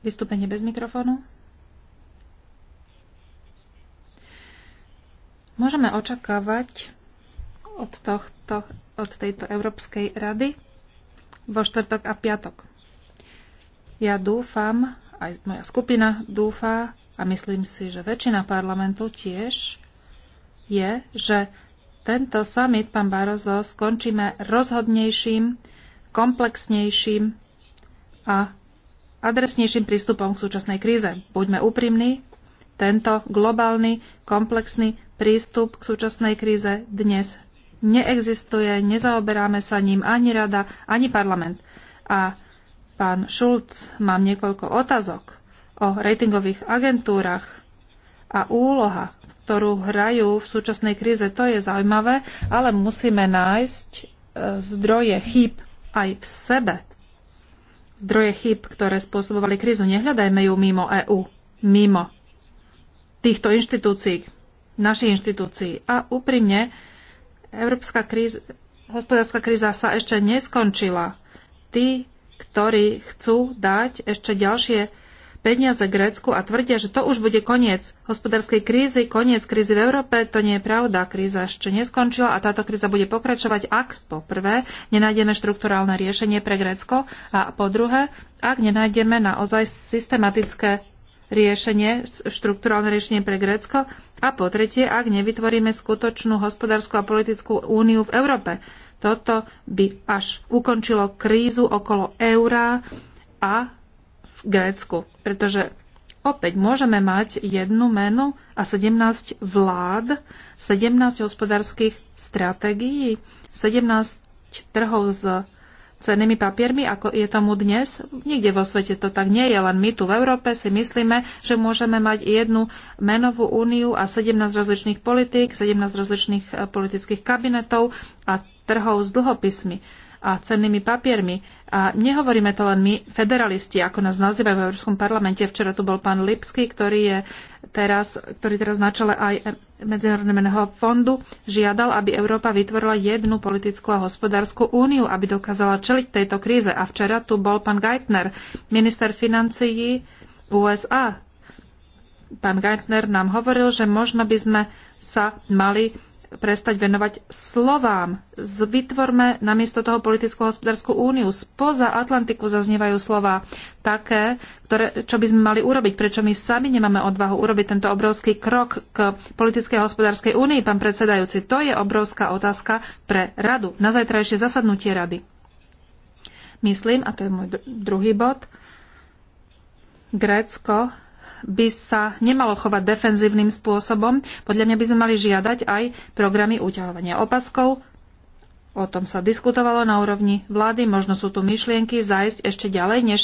Vystúpenie bez mikrofónu. Môžeme očakávať od, tohto, od tejto Európskej rady vo štvrtok a piatok. Ja dúfam, aj moja skupina dúfa a myslím si, že väčšina parlamentu tiež je, že tento summit, pán Barozo, skončíme rozhodnejším, komplexnejším a adresnejším prístupom k súčasnej kríze. Buďme úprimní, tento globálny, komplexný prístup k súčasnej kríze dnes neexistuje, nezaoberáme sa ním ani rada, ani parlament. A pán Šulc, mám niekoľko otázok o ratingových agentúrach a úloha, ktorú hrajú v súčasnej kríze, to je zaujímavé, ale musíme nájsť e, zdroje chýb aj v sebe zdroje chyb, ktoré spôsobovali krízu. Nehľadajme ju mimo EÚ, mimo týchto inštitúcií, našich inštitúcií. A úprimne, európska kríza, hospodárska kríza sa ešte neskončila. Tí, ktorí chcú dať ešte ďalšie peniaze Grécku a tvrdia, že to už bude koniec hospodárskej krízy, koniec krízy v Európe. To nie je pravda. Kríza ešte neskončila a táto kríza bude pokračovať, ak po prvé nenájdeme štruktúrálne riešenie pre Grécko a po druhé, ak nenájdeme naozaj systematické riešenie, štruktúrálne riešenie pre Grécko a po tretie, ak nevytvoríme skutočnú hospodárskú a politickú úniu v Európe. Toto by až ukončilo krízu okolo eura a Grécku. Pretože opäť môžeme mať jednu menu a 17 vlád, 17 hospodárskych stratégií, 17 trhov s cenými papiermi, ako je tomu dnes. Nikde vo svete to tak nie je, len my tu v Európe si myslíme, že môžeme mať jednu menovú úniu a 17 rozličných politík, 17 rozličných eh, politických kabinetov a trhov s dlhopismi a cennými papiermi. A nehovoríme to len my, federalisti, ako nás nazývajú v Európskom parlamente. Včera tu bol pán Lipsky, ktorý, je teraz, ktorý teraz na čele aj Medzinárodného fondu, žiadal, aby Európa vytvorila jednu politickú a hospodárskú úniu, aby dokázala čeliť tejto kríze. A včera tu bol pán Geithner, minister financií USA. Pán Geithner nám hovoril, že možno by sme sa mali prestať venovať slovám. Vytvorme namiesto toho politickú hospodárskú úniu. Spoza Atlantiku zaznievajú slova také, ktoré, čo by sme mali urobiť, prečo my sami nemáme odvahu urobiť tento obrovský krok k politickej hospodárskej únii, pán predsedajúci. To je obrovská otázka pre radu, na zajtrajšie zasadnutie rady. Myslím, a to je môj druhý bod, Grécko by sa nemalo chovať defenzívnym spôsobom. Podľa mňa by sme mali žiadať aj programy uťahovania opaskov. O tom sa diskutovalo na úrovni vlády. Možno sú tu myšlienky zájsť ešte ďalej, než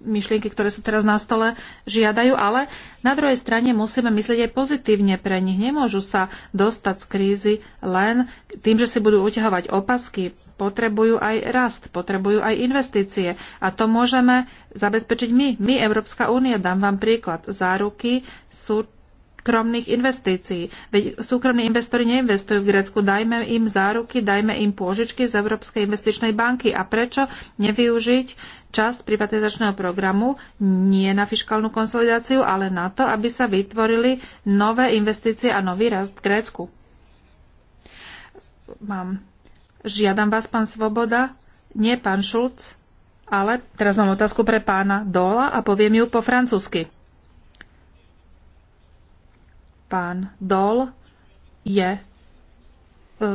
myšlienky, ktoré sú teraz na stole, žiadajú. Ale na druhej strane musíme myslieť aj pozitívne pre nich. Nemôžu sa dostať z krízy len tým, že si budú uťahovať opasky potrebujú aj rast, potrebujú aj investície. A to môžeme zabezpečiť my. My, Európska únia, dám vám príklad. Záruky sú súkromných investícií. Veď súkromní investori neinvestujú v Grécku. Dajme im záruky, dajme im pôžičky z Európskej investičnej banky. A prečo nevyužiť čas privatizačného programu nie na fiskálnu konsolidáciu, ale na to, aby sa vytvorili nové investície a nový rast v Grécku? Mám Žiadam vás, pán Svoboda, nie pán Šulc, ale teraz mám otázku pre pána Dola a poviem ju po francúzsky. Pán Dol je e,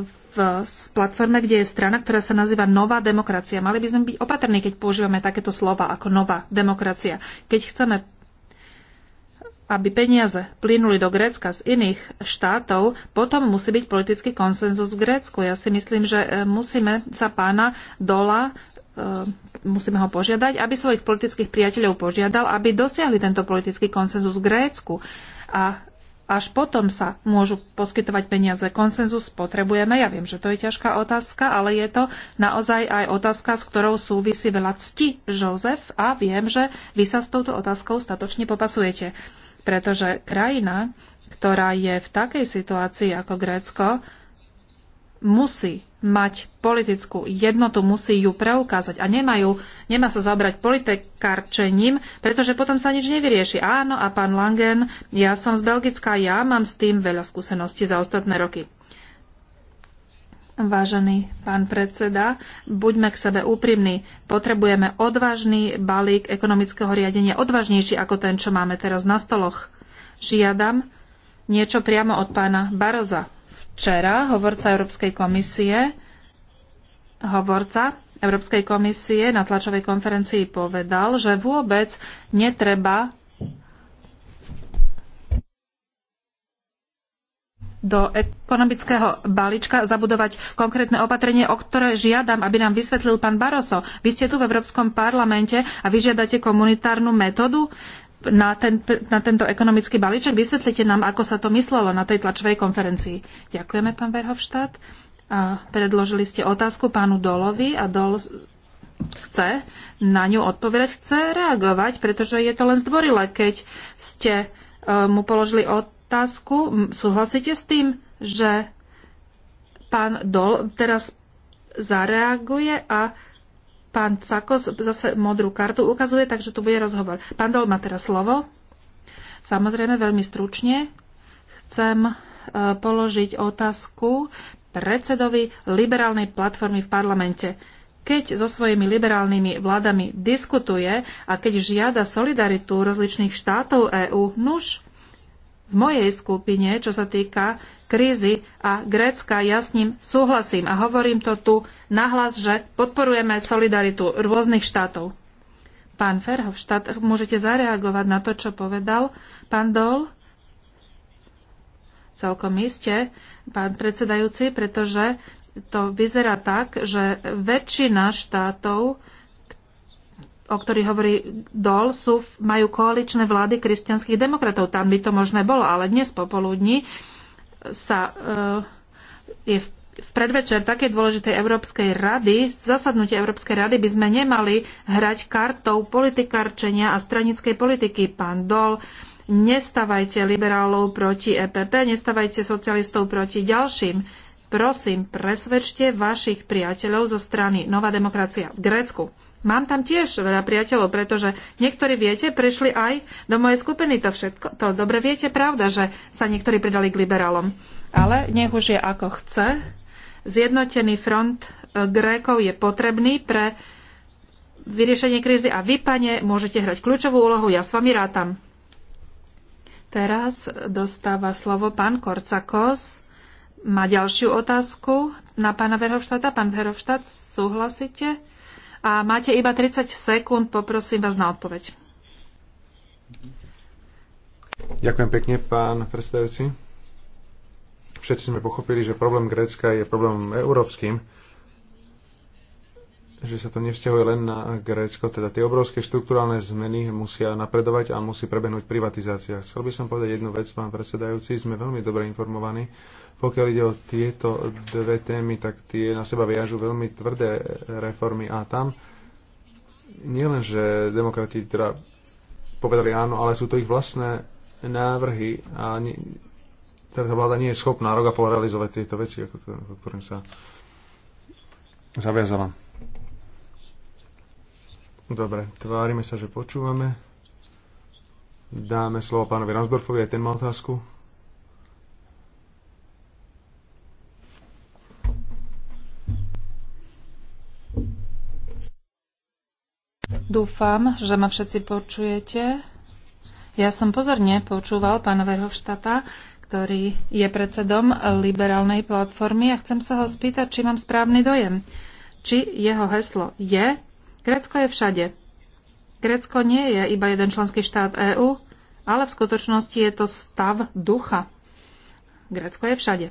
v platforme, kde je strana, ktorá sa nazýva Nová demokracia. Mali by sme byť opatrní, keď používame takéto slova ako nová demokracia. Keď chceme aby peniaze plynuli do Grécka z iných štátov, potom musí byť politický konsenzus v Grécku. Ja si myslím, že e, musíme sa pána Dola e, musíme ho požiadať, aby svojich politických priateľov požiadal, aby dosiahli tento politický konsenzus v Grécku. A až potom sa môžu poskytovať peniaze. Konsenzus potrebujeme. Ja viem, že to je ťažká otázka, ale je to naozaj aj otázka, s ktorou súvisí veľa cti Jozef a viem, že vy sa s touto otázkou statočne popasujete pretože krajina, ktorá je v takej situácii ako Grécko, musí mať politickú jednotu, musí ju preukázať a nemajú, nemá sa zabrať politikárčením, pretože potom sa nič nevyrieši. Áno, a pán Langen, ja som z Belgická, ja mám s tým veľa skúseností za ostatné roky. Vážený pán predseda, buďme k sebe úprimní. Potrebujeme odvážny balík ekonomického riadenia, odvážnejší ako ten, čo máme teraz na stoloch. Žiadam niečo priamo od pána Baroza. Včera hovorca Európskej komisie, hovorca Európskej komisie na tlačovej konferencii povedal, že vôbec netreba do ekonomického balíčka zabudovať konkrétne opatrenie, o ktoré žiadam, aby nám vysvetlil pán Barroso. Vy ste tu v Európskom parlamente a vyžiadate komunitárnu metódu na, ten, na tento ekonomický balíček. Vysvetlite nám, ako sa to myslelo na tej tlačovej konferencii. Ďakujeme, pán Verhofštát. A predložili ste otázku pánu Dolovi a Dol chce na ňu odpovedať, chce reagovať, pretože je to len zdvorilé, keď ste e, mu položili otázku otázku. Súhlasíte s tým, že pán Dol teraz zareaguje a pán Cakos zase modrú kartu ukazuje, takže tu bude rozhovor. Pán Dol má teraz slovo. Samozrejme, veľmi stručne chcem e, položiť otázku predsedovi liberálnej platformy v parlamente. Keď so svojimi liberálnymi vládami diskutuje a keď žiada solidaritu rozličných štátov EÚ, nuž, v mojej skupine, čo sa týka krízy a Grécka, ja s ním súhlasím a hovorím to tu nahlas, že podporujeme solidaritu rôznych štátov. Pán Ferhofštát, môžete zareagovať na to, čo povedal pán Dol? Celkom iste, pán predsedajúci, pretože to vyzerá tak, že väčšina štátov o ktorých hovorí Dol, sú, majú koaličné vlády kresťanských demokratov. Tam by to možné bolo, ale dnes popoludní sa uh, je v v predvečer také dôležitej Európskej rady, zasadnutie Európskej rady by sme nemali hrať kartou politikárčenia a stranickej politiky. Pán Dol, nestavajte liberálov proti EPP, nestavajte socialistov proti ďalším. Prosím, presvedčte vašich priateľov zo strany Nová demokracia v Grécku. Mám tam tiež veľa priateľov, pretože niektorí, viete, prešli aj do mojej skupiny. To všetko, to dobre viete, pravda, že sa niektorí pridali k liberálom. Ale nech už je ako chce. Zjednotený front e, Grékov je potrebný pre vyriešenie krízy a vy, pane, môžete hrať kľúčovú úlohu. Ja s vami rátam. Teraz dostáva slovo pán Korcakos. Má ďalšiu otázku na pána Verhofštáta. Pán Verhofštát, súhlasíte? a máte iba 30 sekúnd, poprosím vás na odpoveď. Ďakujem pekne, pán predstavujúci. Všetci sme pochopili, že problém Grécka je problémom európskym, že sa to nevzťahuje len na Grécko, teda tie obrovské štruktúrálne zmeny musia napredovať a musí prebehnúť privatizácia. Chcel by som povedať jednu vec, pán predsedajúci, sme veľmi dobre informovaní pokiaľ ide o tieto dve témy, tak tie na seba viažú veľmi tvrdé reformy a tam nielen, že demokrati teda povedali áno, ale sú to ich vlastné návrhy a ni, teda tá vláda nie je schopná rok a pol realizovať tieto veci, ako, ako ktorým sa zaviazala. Dobre, tvárime sa, že počúvame. Dáme slovo pánovi Ransdorfovi, aj ten má otázku. Dúfam, že ma všetci počujete. Ja som pozorne počúval pána Verhofštata, ktorý je predsedom liberálnej platformy a chcem sa ho spýtať, či mám správny dojem. Či jeho heslo je Grécko je všade. Grécko nie je iba jeden členský štát EÚ, ale v skutočnosti je to stav ducha. Grécko je všade.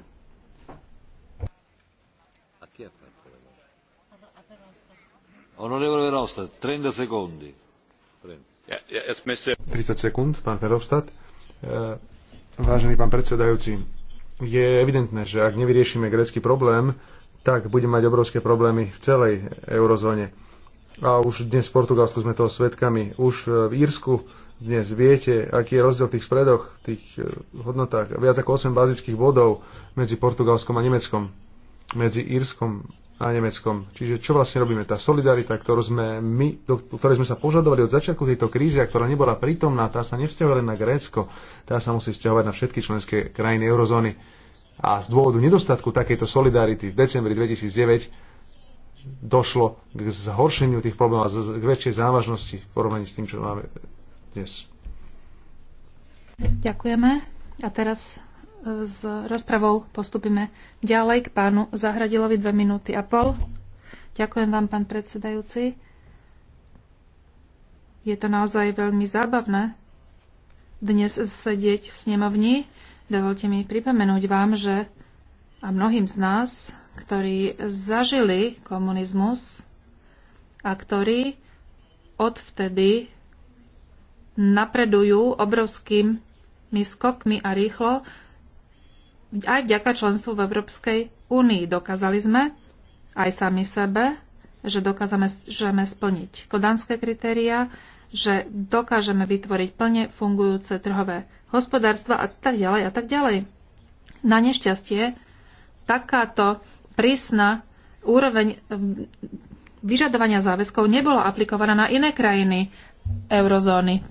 Onorevole Verhofstadt, 30 secondi. 30 sekúnd, pán Verhofstadt. E, vážený pán predsedajúci, je evidentné, že ak nevyriešime grécky problém, tak budeme mať obrovské problémy v celej eurozóne. A už dnes v Portugalsku sme toho svetkami. Už v Írsku dnes viete, aký je rozdiel v tých spredoch, v tých e, hodnotách. Viac ako 8 bazických bodov medzi Portugalskom a Nemeckom. Medzi Írskom a Nemeckom. Čiže čo vlastne robíme? Tá solidarita, ktorú sme my, do ktorej sme sa požadovali od začiatku tejto krízy a ktorá nebola prítomná, tá sa nevzťahuje len na Grécko, tá sa musí vzťahovať na všetky členské krajiny eurozóny. A z dôvodu nedostatku takejto solidarity v decembri 2009 došlo k zhoršeniu tých problémov a k väčšej závažnosti v porovnaní s tým, čo máme dnes. Ďakujeme. A teraz s rozpravou postupíme ďalej k pánu Zahradilovi dve minúty a pol. Ďakujem vám, pán predsedajúci. Je to naozaj veľmi zábavné dnes sedieť v snemovni. Dovolte mi pripomenúť vám, že a mnohým z nás, ktorí zažili komunizmus a ktorí odvtedy napredujú obrovským skokmi a rýchlo, aj vďaka členstvu v Európskej únii dokázali sme aj sami sebe, že dokážeme splniť kodanské kritéria, že dokážeme vytvoriť plne fungujúce trhové hospodárstva a tak ďalej a tak ďalej. Na nešťastie takáto prísna úroveň ehm, vyžadovania záväzkov nebola aplikovaná na iné krajiny eurozóny.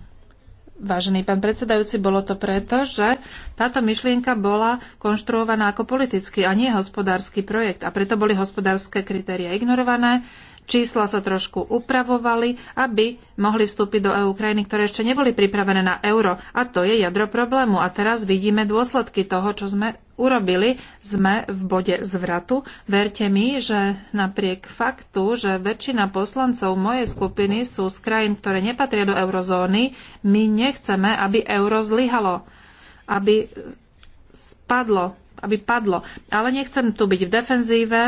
Vážený pán predsedajúci, bolo to preto, že táto myšlienka bola konštruovaná ako politický a nie hospodársky projekt a preto boli hospodárske kritéria ignorované čísla sa trošku upravovali, aby mohli vstúpiť do EU krajiny, ktoré ešte neboli pripravené na euro. A to je jadro problému. A teraz vidíme dôsledky toho, čo sme urobili. Sme v bode zvratu. Verte mi, že napriek faktu, že väčšina poslancov mojej skupiny sú z krajín, ktoré nepatria do eurozóny, my nechceme, aby euro zlyhalo, aby spadlo, aby padlo. Ale nechcem tu byť v defenzíve,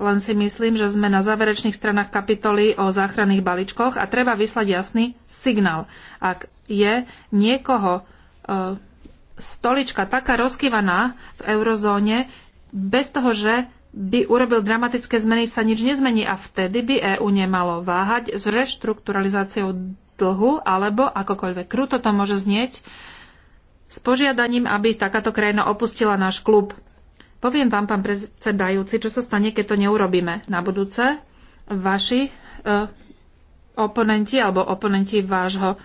len si myslím, že sme na záverečných stranách kapitoly o záchranných balíčkoch a treba vyslať jasný signál. Ak je niekoho e, stolička taká rozkývaná v eurozóne, bez toho, že by urobil dramatické zmeny, sa nič nezmení a vtedy by EÚ nemalo váhať s reštrukturalizáciou dlhu alebo, akokoľvek kruto to môže znieť, s požiadaním, aby takáto krajina opustila náš klub. Poviem vám, pán predsedajúci, čo sa stane, keď to neurobíme na budúce. Vaši e, oponenti alebo oponenti vášho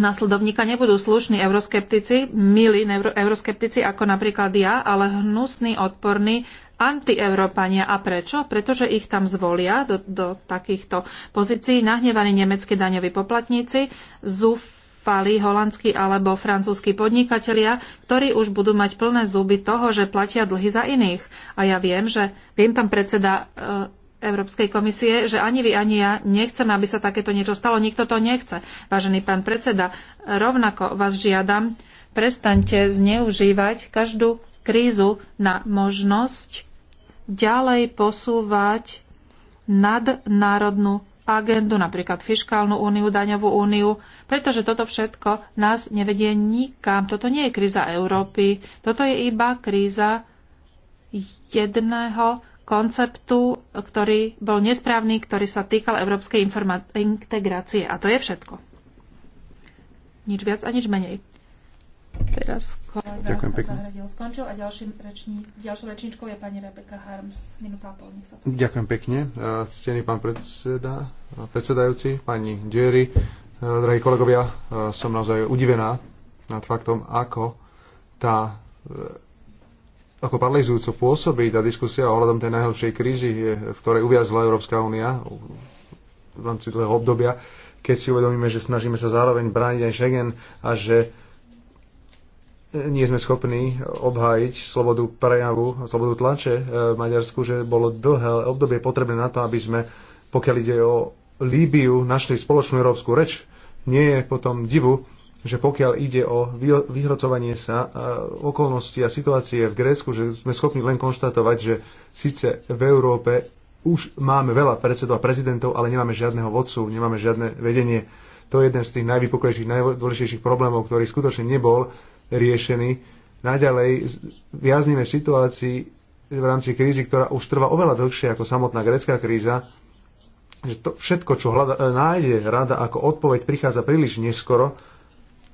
nasledovníka nebudú slušní euroskeptici, milí euroskeptici ako napríklad ja, ale hnusní, odporní antieurópania. A prečo? Pretože ich tam zvolia do, do takýchto pozícií nahnevaní nemeckí daňoví poplatníci, zúf, spali holandskí alebo francúzskí podnikatelia, ktorí už budú mať plné zuby toho, že platia dlhy za iných. A ja viem, že viem, pán predseda e, Európskej komisie, že ani vy, ani ja nechceme, aby sa takéto niečo stalo. Nikto to nechce. Vážený pán predseda, rovnako vás žiadam, prestaňte zneužívať každú krízu na možnosť ďalej posúvať nadnárodnú agendu, napríklad fiskálnu úniu, daňovú úniu, pretože toto všetko nás nevedie nikam. Toto nie je kríza Európy, toto je iba kríza jedného konceptu, ktorý bol nesprávny, ktorý sa týkal európskej integrácie. A to je všetko. Nič viac a nič menej. Teraz Ďakujem pekne. skončil a ďalším ďalšou rečníčkou je pani Rebeka Harms. Minúta a pol, nech sa Ďakujem pekne. Ctený pán predseda, predsedajúci, pani Jerry, Eh, drahí kolegovia, eh, som naozaj udivená nad faktom, ako tá eh, ako paralizujúco pôsobí tá diskusia ohľadom tej najhoršej krízy, v ktorej uviazla Európska únia v rámci toho obdobia, keď si uvedomíme, že snažíme sa zároveň brániť aj Schengen a že nie sme schopní obhájiť slobodu prejavu, slobodu tlače v Maďarsku, že bolo dlhé obdobie potrebné na to, aby sme, pokiaľ ide o Líbiu našli spoločnú európsku reč, nie je potom divu, že pokiaľ ide o vyhrocovanie sa e, okolností a situácie v Grécku, že sme schopní len konštatovať, že síce v Európe už máme veľa predsedov a prezidentov, ale nemáme žiadneho vodcu, nemáme žiadne vedenie. To je jeden z tých najvypuklejších, najdôležitejších problémov, ktorý skutočne nebol riešený. Naďalej viaznime v situácii v rámci krízy, ktorá už trvá oveľa dlhšie ako samotná grecká kríza že to všetko, čo hľada, e, nájde rada ako odpoveď, prichádza príliš neskoro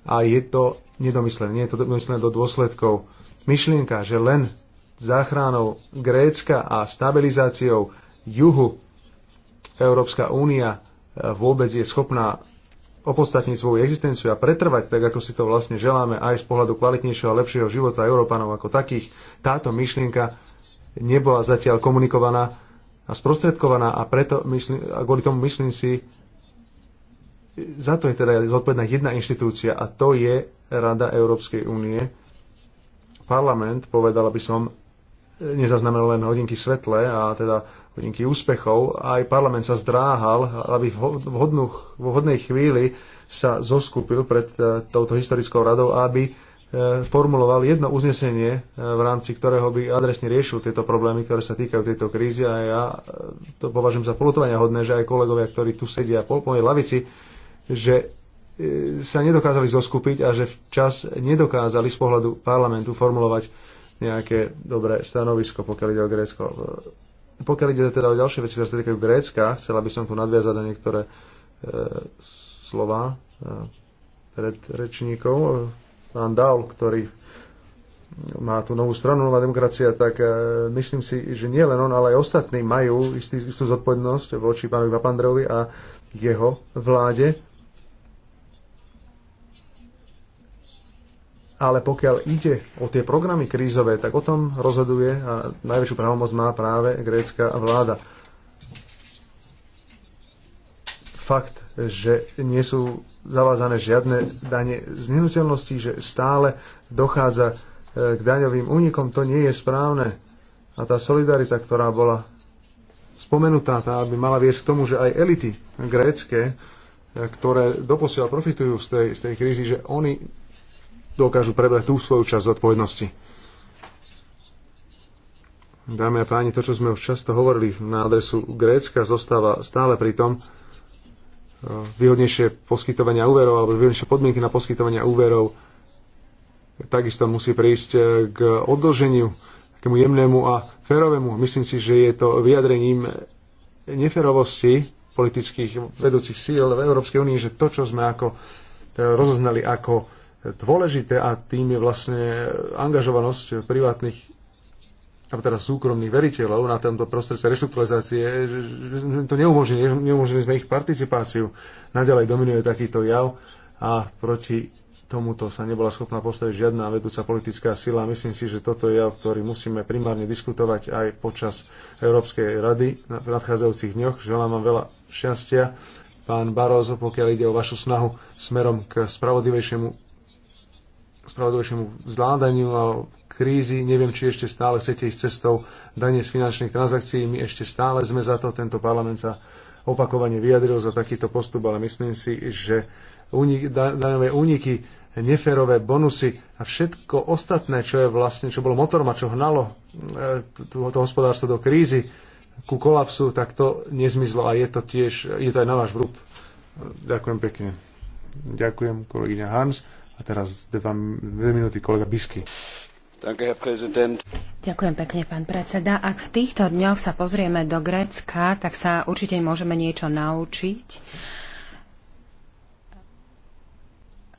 a je to nedomyslené. Nie je to domyslené do dôsledkov. Myšlienka, že len záchranou Grécka a stabilizáciou juhu Európska únia e, vôbec je schopná opodstatniť svoju existenciu a pretrvať, tak ako si to vlastne želáme, aj z pohľadu kvalitnejšieho a lepšieho života Európanov ako takých. Táto myšlienka nebola zatiaľ komunikovaná a sprostredkovaná a preto myslím, a kvôli tomu myslím si, za to je teda zodpovedná jedna inštitúcia a to je Rada Európskej únie. Parlament, povedal by som, nezaznamenal len hodinky svetle a teda hodinky úspechov. Aj parlament sa zdráhal, aby v, hodnej v chvíli sa zoskupil pred eh, touto historickou radou, aby sformuloval jedno uznesenie, e, v rámci ktorého by adresne riešil tieto problémy, ktoré sa týkajú tejto krízy a ja e, to považujem za polutovania hodné, že aj kolegovia, ktorí tu sedia po mojej lavici, že e, sa nedokázali zoskupiť a že včas nedokázali z pohľadu parlamentu formulovať nejaké dobré stanovisko, pokiaľ ide o Grécko. Pokiaľ ide teda o ďalšie veci, ktoré sa týkajú Grécka, chcela by som tu nadviazať na niektoré e, slova e, predrečníkov. E, pán Daul, ktorý má tú novú stranu Nová demokracia, tak e, myslím si, že nie len on, ale aj ostatní majú istý, istú zodpovednosť voči pánovi Papandrovi a jeho vláde. Ale pokiaľ ide o tie programy krízové, tak o tom rozhoduje a najväčšiu právomoc má práve grécka vláda. Fakt, že nie sú zavázané žiadne dane z nehnuteľností, že stále dochádza e, k daňovým únikom. To nie je správne. A tá solidarita, ktorá bola spomenutá, tá by mala viesť k tomu, že aj elity grécké, e, ktoré doposiaľ profitujú z tej, z tej krízy, že oni dokážu prebrať tú svoju časť zodpovednosti. Dámy a páni, to, čo sme už často hovorili na adresu Grécka, zostáva stále pri tom, výhodnejšie poskytovania úverov alebo výhodnejšie podmienky na poskytovania úverov. Takisto musí prísť k odloženiu, takému jemnému a férovému. Myslím si, že je to vyjadrením neferovosti politických vedúcich síl v Európskej únii, že to, čo sme ako rozoznali ako dôležité a tým je vlastne angažovanosť privátnych teda súkromných veriteľov na tomto prostredstve reštrukturalizácie, e, že to neumožnili, neumožnili sme ich participáciu. Naďalej dominuje takýto jav a proti tomuto sa nebola schopná postaviť žiadna vedúca politická sila. Myslím si, že toto je jav, ktorý musíme primárne diskutovať aj počas Európskej rady v nadchádzajúcich dňoch. Želám vám veľa šťastia. Pán Barozo, pokiaľ ide o vašu snahu smerom k spravodlivejšiemu spravodlivejšiemu zvládaniu a krízy. Neviem, či ešte stále chcete ísť cestou danie z finančných transakcií. My ešte stále sme za to. Tento parlament sa opakovane vyjadril za takýto postup, ale myslím si, že unik, daňové úniky, neférové bonusy a všetko ostatné, čo je vlastne, čo bolo motorom a čo hnalo e, to, to hospodárstvo do krízy, ku kolapsu, tak to nezmizlo a je to tiež, je to aj na váš vrúb. Ďakujem pekne. Ďakujem, kolegyňa Harms. A teraz dve minúty kolega Bisky. Ďakujem pekne, pán predseda. Ak v týchto dňoch sa pozrieme do Grécka, tak sa určite môžeme niečo naučiť.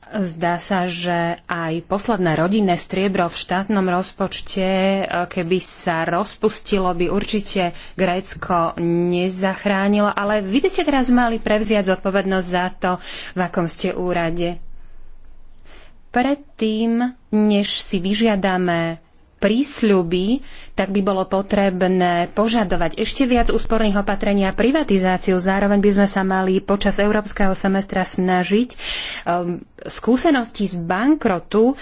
Zdá sa, že aj posledné rodinné striebro v štátnom rozpočte, e, keby sa rozpustilo, by určite Grécko nezachránilo. Ale vy by ste teraz mali prevziať zodpovednosť za to, v akom ste úrade predtým, než si vyžiadame prísľuby, tak by bolo potrebné požadovať ešte viac úsporných opatrení a privatizáciu. Zároveň by sme sa mali počas európskeho semestra snažiť um, skúsenosti z bankrotu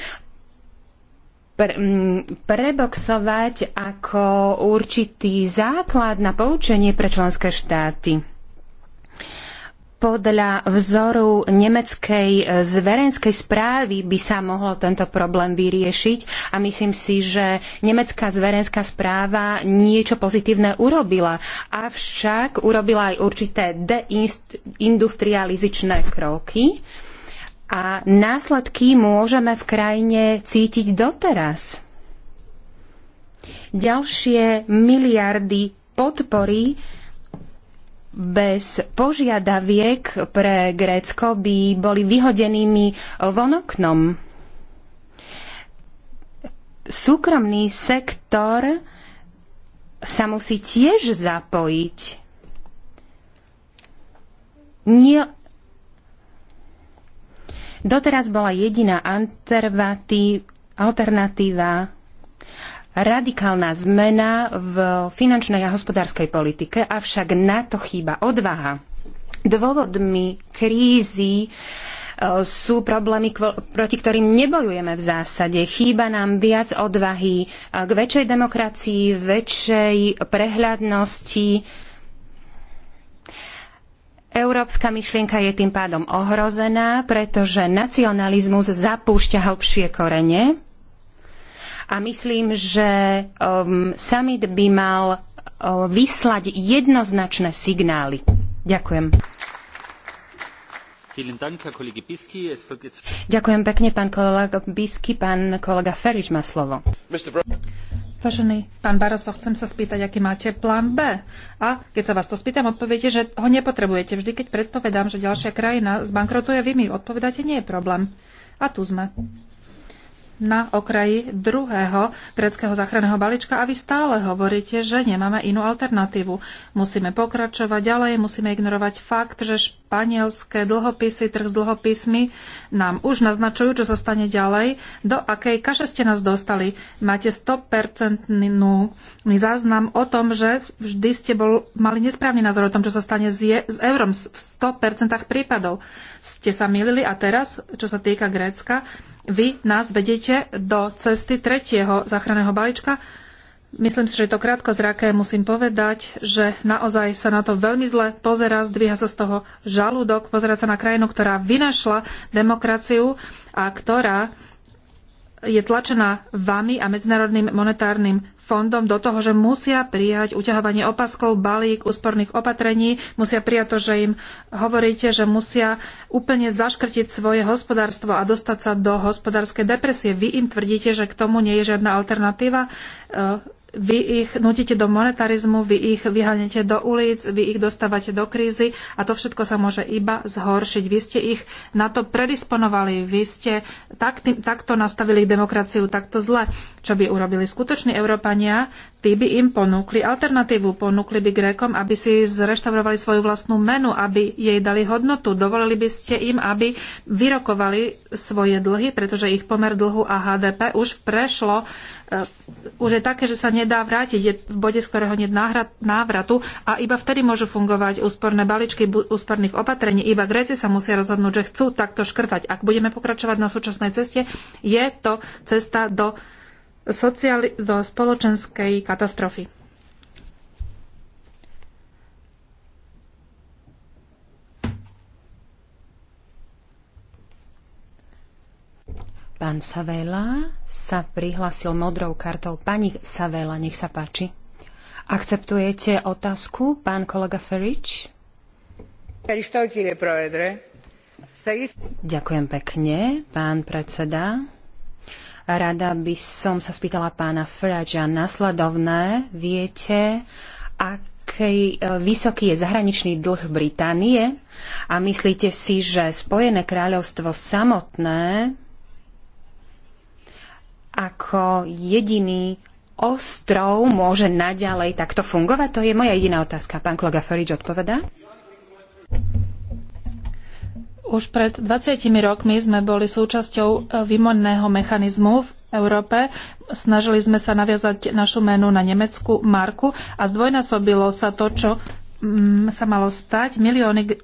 preboxovať ako určitý základ na poučenie pre členské štáty podľa vzoru nemeckej e, zverejnskej správy by sa mohlo tento problém vyriešiť a myslím si, že nemecká zverejnská správa niečo pozitívne urobila, avšak urobila aj určité deindustrializičné kroky a následky môžeme v krajine cítiť doteraz. Ďalšie miliardy podpory bez požiadaviek pre Grécko by boli vyhodenými vonoknom. Súkromný sektor sa musí tiež zapojiť. Nie... Doteraz bola jediná alternatíva radikálna zmena v finančnej a hospodárskej politike, avšak na to chýba odvaha. Dôvodmi krízy e, sú problémy, proti ktorým nebojujeme v zásade. Chýba nám viac odvahy e, k väčšej demokracii, väčšej prehľadnosti. Európska myšlienka je tým pádom ohrozená, pretože nacionalizmus zapúšťa hlbšie korene a myslím, že um, summit by mal um, vyslať jednoznačné signály. Ďakujem. Ďakujem pekne, pán kolega Bisky. Pán kolega Ferič má slovo. Vážený pán Baroso, chcem sa spýtať, aký máte plán B. A keď sa vás to spýtam, odpoviete, že ho nepotrebujete. Vždy, keď predpovedám, že ďalšia krajina zbankrotuje, vy mi odpovedáte, nie je problém. A tu sme na okraji druhého greckého záchranného balíčka a vy stále hovoríte, že nemáme inú alternatívu. Musíme pokračovať ďalej, musíme ignorovať fakt, že španielské dlhopisy, trh s dlhopismi nám už naznačujú, čo sa stane ďalej. Do akej kaše ste nás dostali? Máte 100% záznam o tom, že vždy ste bol, mali nesprávny názor o tom, čo sa stane s, je, s eurom v 100% prípadov. Ste sa milili a teraz, čo sa týka Grécka, vy nás vedete do cesty tretieho záchranného balíčka. Myslím si, že je to krátko zraké. Musím povedať, že naozaj sa na to veľmi zle pozera, zdvíha sa z toho žalúdok, pozerať sa na krajinu, ktorá vynašla demokraciu a ktorá je tlačená vami a Medzinárodným monetárnym fondom do toho, že musia prijať uťahovanie opaskov, balík, úsporných opatrení, musia prijať to, že im hovoríte, že musia úplne zaškrtiť svoje hospodárstvo a dostať sa do hospodárskej depresie. Vy im tvrdíte, že k tomu nie je žiadna alternatíva. E, vy ich nutíte do monetarizmu, vy ich vyhanete do ulic, vy ich dostávate do krízy a to všetko sa môže iba zhoršiť. Vy ste ich na to predisponovali, vy ste tak, tým, takto nastavili demokraciu, takto zle. Čo by urobili skutoční Európania? Tí by im ponúkli alternatívu, ponúkli by Grékom, aby si zreštaurovali svoju vlastnú menu, aby jej dali hodnotu. Dovolili by ste im, aby vyrokovali svoje dlhy, pretože ich pomer dlhu a HDP už prešlo E, už je také, že sa nedá vrátiť, je v bode skorého návratu a iba vtedy môžu fungovať úsporné balíčky úsporných opatrení. Iba Gréci sa musia rozhodnúť, že chcú takto škrtať. Ak budeme pokračovať na súčasnej ceste, je to cesta do, sociali- do spoločenskej katastrofy. Pán Savela sa prihlasil modrou kartou. Pani Savela, nech sa páči. Akceptujete otázku, pán kolega Ferič? Ďakujem pekne, pán predseda. Rada by som sa spýtala pána Ferača nasledovné. Viete, aký e, vysoký je zahraničný dlh Británie a myslíte si, že Spojené kráľovstvo samotné ako jediný ostrov môže naďalej takto fungovať? To je moja jediná otázka. Pán kolega Ferič odpovedá. Už pred 20 rokmi sme boli súčasťou výmonného mechanizmu v Európe. Snažili sme sa naviazať našu menu na nemeckú marku a zdvojnásobilo sa to, čo mm, sa malo stať. Milióny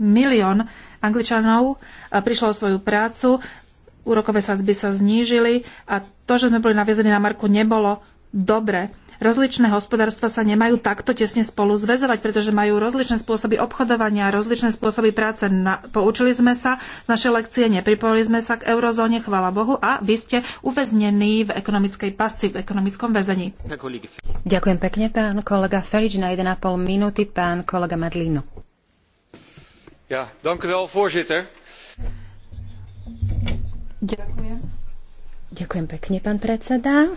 milión Angličanov prišlo o svoju prácu, úrokové sadzby sa znížili a to, že sme boli naviazení na marku, nebolo dobre. Rozličné hospodárstva sa nemajú takto tesne spolu zväzovať, pretože majú rozličné spôsoby obchodovania, rozličné spôsoby práce. Na, poučili sme sa z našej lekcie, nepripojili sme sa k eurozóne, chvála Bohu, a vy ste uväznení v ekonomickej pasci, v ekonomickom väzení. Ďakujem pekne, pán kolega Ferič, na 1,5 minúty, pán kolega Madlino. Ja, dank u wel, voorzitter. Ďakujem. Ďakujem pekne, pán predseda.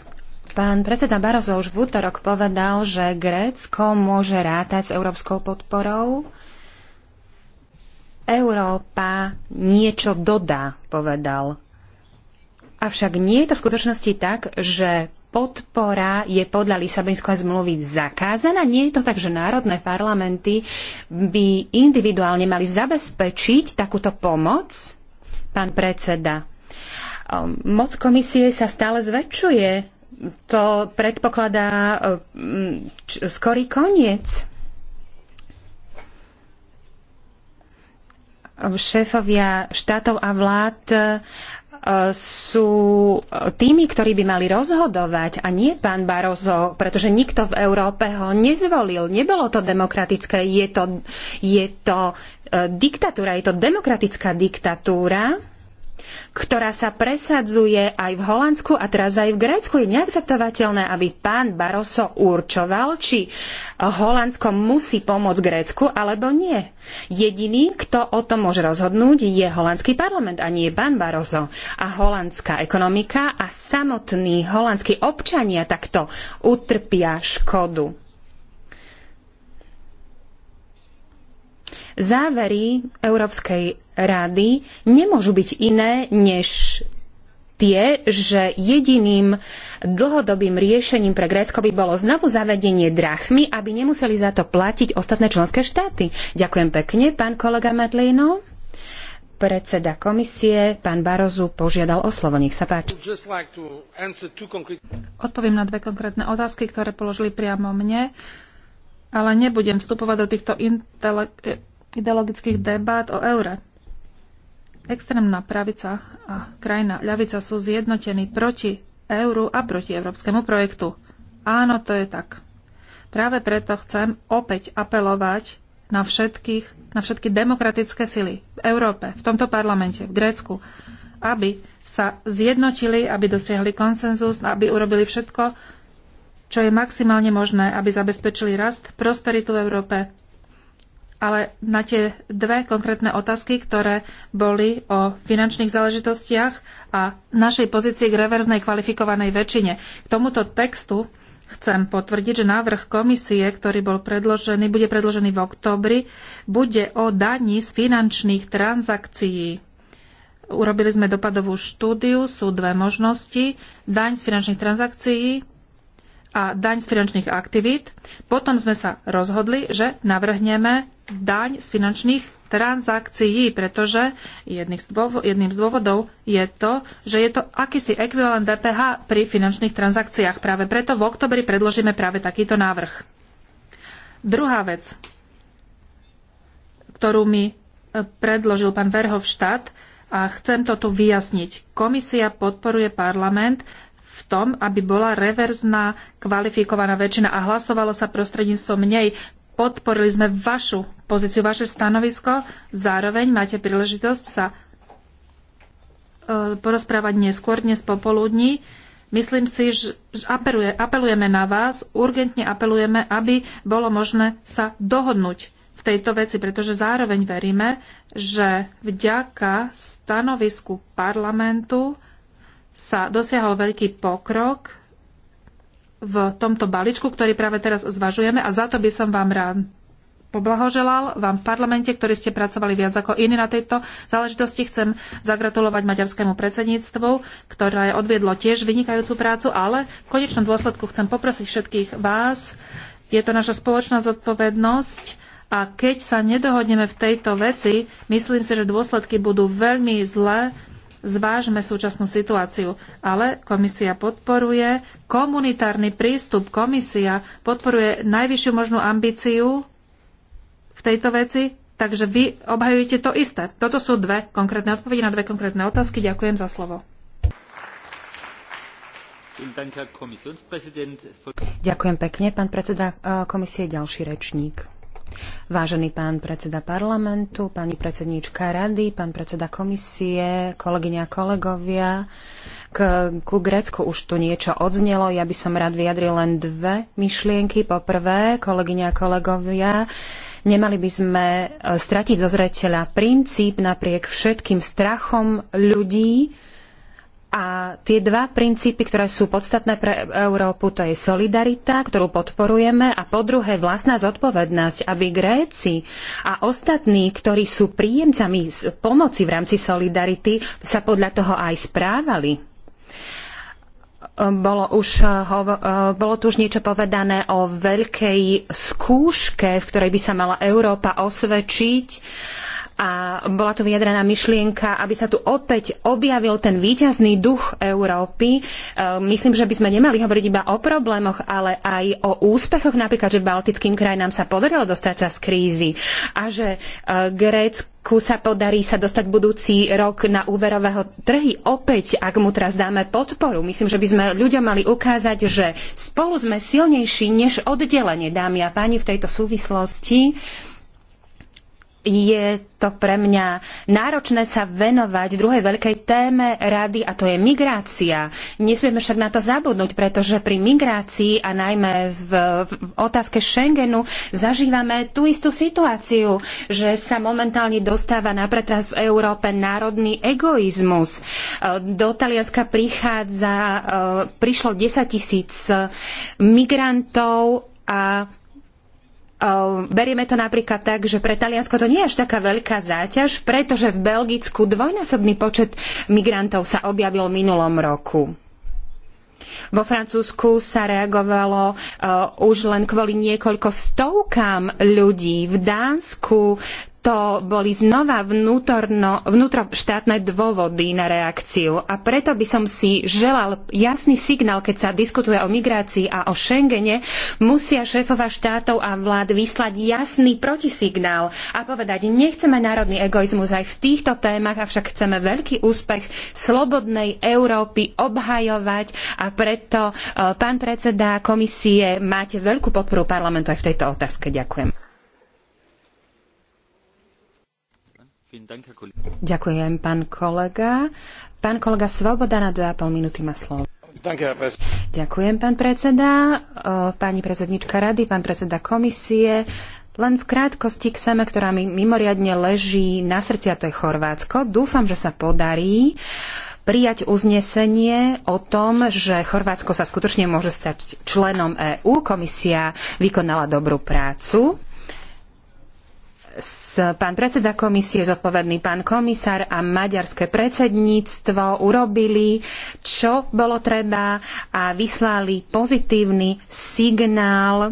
Pán predseda Barozo už v útorok povedal, že Grécko môže rátať s európskou podporou. Európa niečo dodá, povedal. Avšak nie je to v skutočnosti tak, že podpora je podľa Lisabinskej zmluvy zakázaná. Nie je to tak, že národné parlamenty by individuálne mali zabezpečiť takúto pomoc? Pán predseda, Ehm, moc komisie sa stále zväčšuje. To predpokladá ehm, skorý koniec. Šéfovia štátov a vlád e, sú tými, ktorí by mali rozhodovať a nie pán Barozo, pretože nikto v Európe ho nezvolil. Nebolo to demokratické, je to, je to e, diktatúra, je to demokratická diktatúra ktorá sa presadzuje aj v Holandsku a teraz aj v Grécku. Je neakceptovateľné, aby pán Barroso určoval, či Holandsko musí pomôcť Grécku alebo nie. Jediný, kto o tom môže rozhodnúť, je holandský parlament a nie pán Barroso. A holandská ekonomika a samotní holandskí občania takto utrpia škodu. Závery Európskej rady nemôžu byť iné než tie, že jediným dlhodobým riešením pre Grécko by bolo znovu zavedenie drachmy, aby nemuseli za to platiť ostatné členské štáty. Ďakujem pekne, pán kolega Madlino. Predseda komisie, pán Barozu, požiadal o slovo. Nech sa páči. Odpoviem na dve konkrétne otázky, ktoré položili priamo mne ale nebudem vstupovať do týchto e, ideologických debát o eure. Extrémna pravica a krajina ľavica sú zjednotení proti euru a proti európskemu projektu. Áno, to je tak. Práve preto chcem opäť apelovať na, všetkých, na všetky demokratické sily v Európe, v tomto parlamente, v Grécku, aby sa zjednotili, aby dosiahli konsenzus, aby urobili všetko, čo je maximálne možné, aby zabezpečili rast, prosperitu v Európe. Ale na tie dve konkrétne otázky, ktoré boli o finančných záležitostiach a našej pozícii k reverznej kvalifikovanej väčšine. K tomuto textu chcem potvrdiť, že návrh komisie, ktorý bol predložený, bude predložený v oktobri, bude o daní z finančných transakcií. Urobili sme dopadovú štúdiu, sú dve možnosti. Daň z finančných transakcií a daň z finančných aktivít. Potom sme sa rozhodli, že navrhneme daň z finančných transakcií, pretože jedným z dôvodov je to, že je to akýsi ekvivalent DPH pri finančných transakciách. Práve preto v oktobri predložíme práve takýto návrh. Druhá vec, ktorú mi e, predložil pán Verhofštát, a chcem to tu vyjasniť. Komisia podporuje parlament v tom, aby bola reverzná kvalifikovaná väčšina a hlasovalo sa prostredníctvom nej. Podporili sme vašu pozíciu, vaše stanovisko. Zároveň máte príležitosť sa e, porozprávať neskôr, dnes popoludní. Myslím si, že apeluje, apelujeme na vás, urgentne apelujeme, aby bolo možné sa dohodnúť v tejto veci, pretože zároveň veríme, že vďaka stanovisku parlamentu sa dosiahol veľký pokrok v tomto balíčku, ktorý práve teraz zvažujeme a za to by som vám rád poblahoželal vám v parlamente, ktorí ste pracovali viac ako iní na tejto záležitosti. Chcem zagratulovať maďarskému predsedníctvu, ktoré odviedlo tiež vynikajúcu prácu, ale v konečnom dôsledku chcem poprosiť všetkých vás, je to naša spoločná zodpovednosť a keď sa nedohodneme v tejto veci, myslím si, že dôsledky budú veľmi zlé zvážme súčasnú situáciu. Ale komisia podporuje komunitárny prístup. Komisia podporuje najvyššiu možnú ambíciu v tejto veci, takže vy obhajujete to isté. Toto sú dve konkrétne odpovede na dve konkrétne otázky. Ďakujem za slovo. Ďakujem pekne, pán predseda komisie, ďalší rečník. Vážený pán predseda parlamentu, pani predsedníčka rady, pán predseda komisie, kolegyňa a kolegovia, k, ku Grécku už tu niečo odznelo. Ja by som rád vyjadril len dve myšlienky. Poprvé, kolegyňa a kolegovia, Nemali by sme eh, stratiť zo zreteľa princíp napriek všetkým strachom ľudí, a tie dva princípy, ktoré sú podstatné pre Európu, to je solidarita, ktorú podporujeme, a po druhé vlastná zodpovednosť, aby Gréci a ostatní, ktorí sú príjemcami pomoci v rámci solidarity, sa podľa toho aj správali. Bolo, už, bolo tu už niečo povedané o veľkej skúške, v ktorej by sa mala Európa osvedčiť a bola tu vyjadrená myšlienka, aby sa tu opäť objavil ten výťazný duch Európy. E, myslím, že by sme nemali hovoriť iba o problémoch, ale aj o úspechoch, napríklad, že baltickým krajinám sa podarilo dostať sa z krízy a že e, Grécko Slovensku sa podarí sa dostať budúci rok na úverového trhy opäť, ak mu teraz dáme podporu. Myslím, že by sme ľuďom mali ukázať, že spolu sme silnejší než oddelenie, dámy a páni, v tejto súvislosti. Uh, je to pre mňa náročné sa venovať druhej veľkej téme rady a to je migrácia. Nesmieme však na to zabudnúť, pretože pri migrácii a najmä v, v otázke Schengenu zažívame tú istú situáciu, že sa momentálne dostáva na pretras v Európe národný egoizmus. E, do Talianska prichádza, e, prišlo 10 tisíc migrantov a Eh, berieme to napríklad tak, že pre Taliansko to nie je až taká veľká záťaž, pretože v Belgicku dvojnásobný počet migrantov sa objavil minulom roku. Vo Francúzsku sa reagovalo uh, už len kvôli niekoľko stovkám ľudí. V Dánsku to boli znova vnútorno, vnútroštátne dôvody na reakciu a preto by som si želal jasný signál, keď sa diskutuje o migrácii a o Schengene, musia šéfova štátov a vlád vyslať jasný protisignál a povedať, nechceme národný egoizmus aj v týchto témach, avšak chceme veľký úspech slobodnej Európy obhajovať a preto, e, pán predseda komisie, máte veľkú podporu parlamentu aj v tejto otázke. Ďakujem. Ďakujem, pán kolega. Pán kolega Svoboda na 2,5 minúty má slovo. Ďakujem, pán predseda, pani predsednička rady, pán predseda komisie. Len v krátkosti k seme, ktorá mi mimoriadne leží na srdci, a to je Chorvátsko. Dúfam, že sa podarí prijať uznesenie o tom, že Chorvátsko sa skutočne môže stať členom EÚ. Komisia vykonala dobrú prácu pán predseda komisie, zodpovedný pán komisár a maďarské predsedníctvo urobili, čo bolo treba a vyslali pozitívny signál e,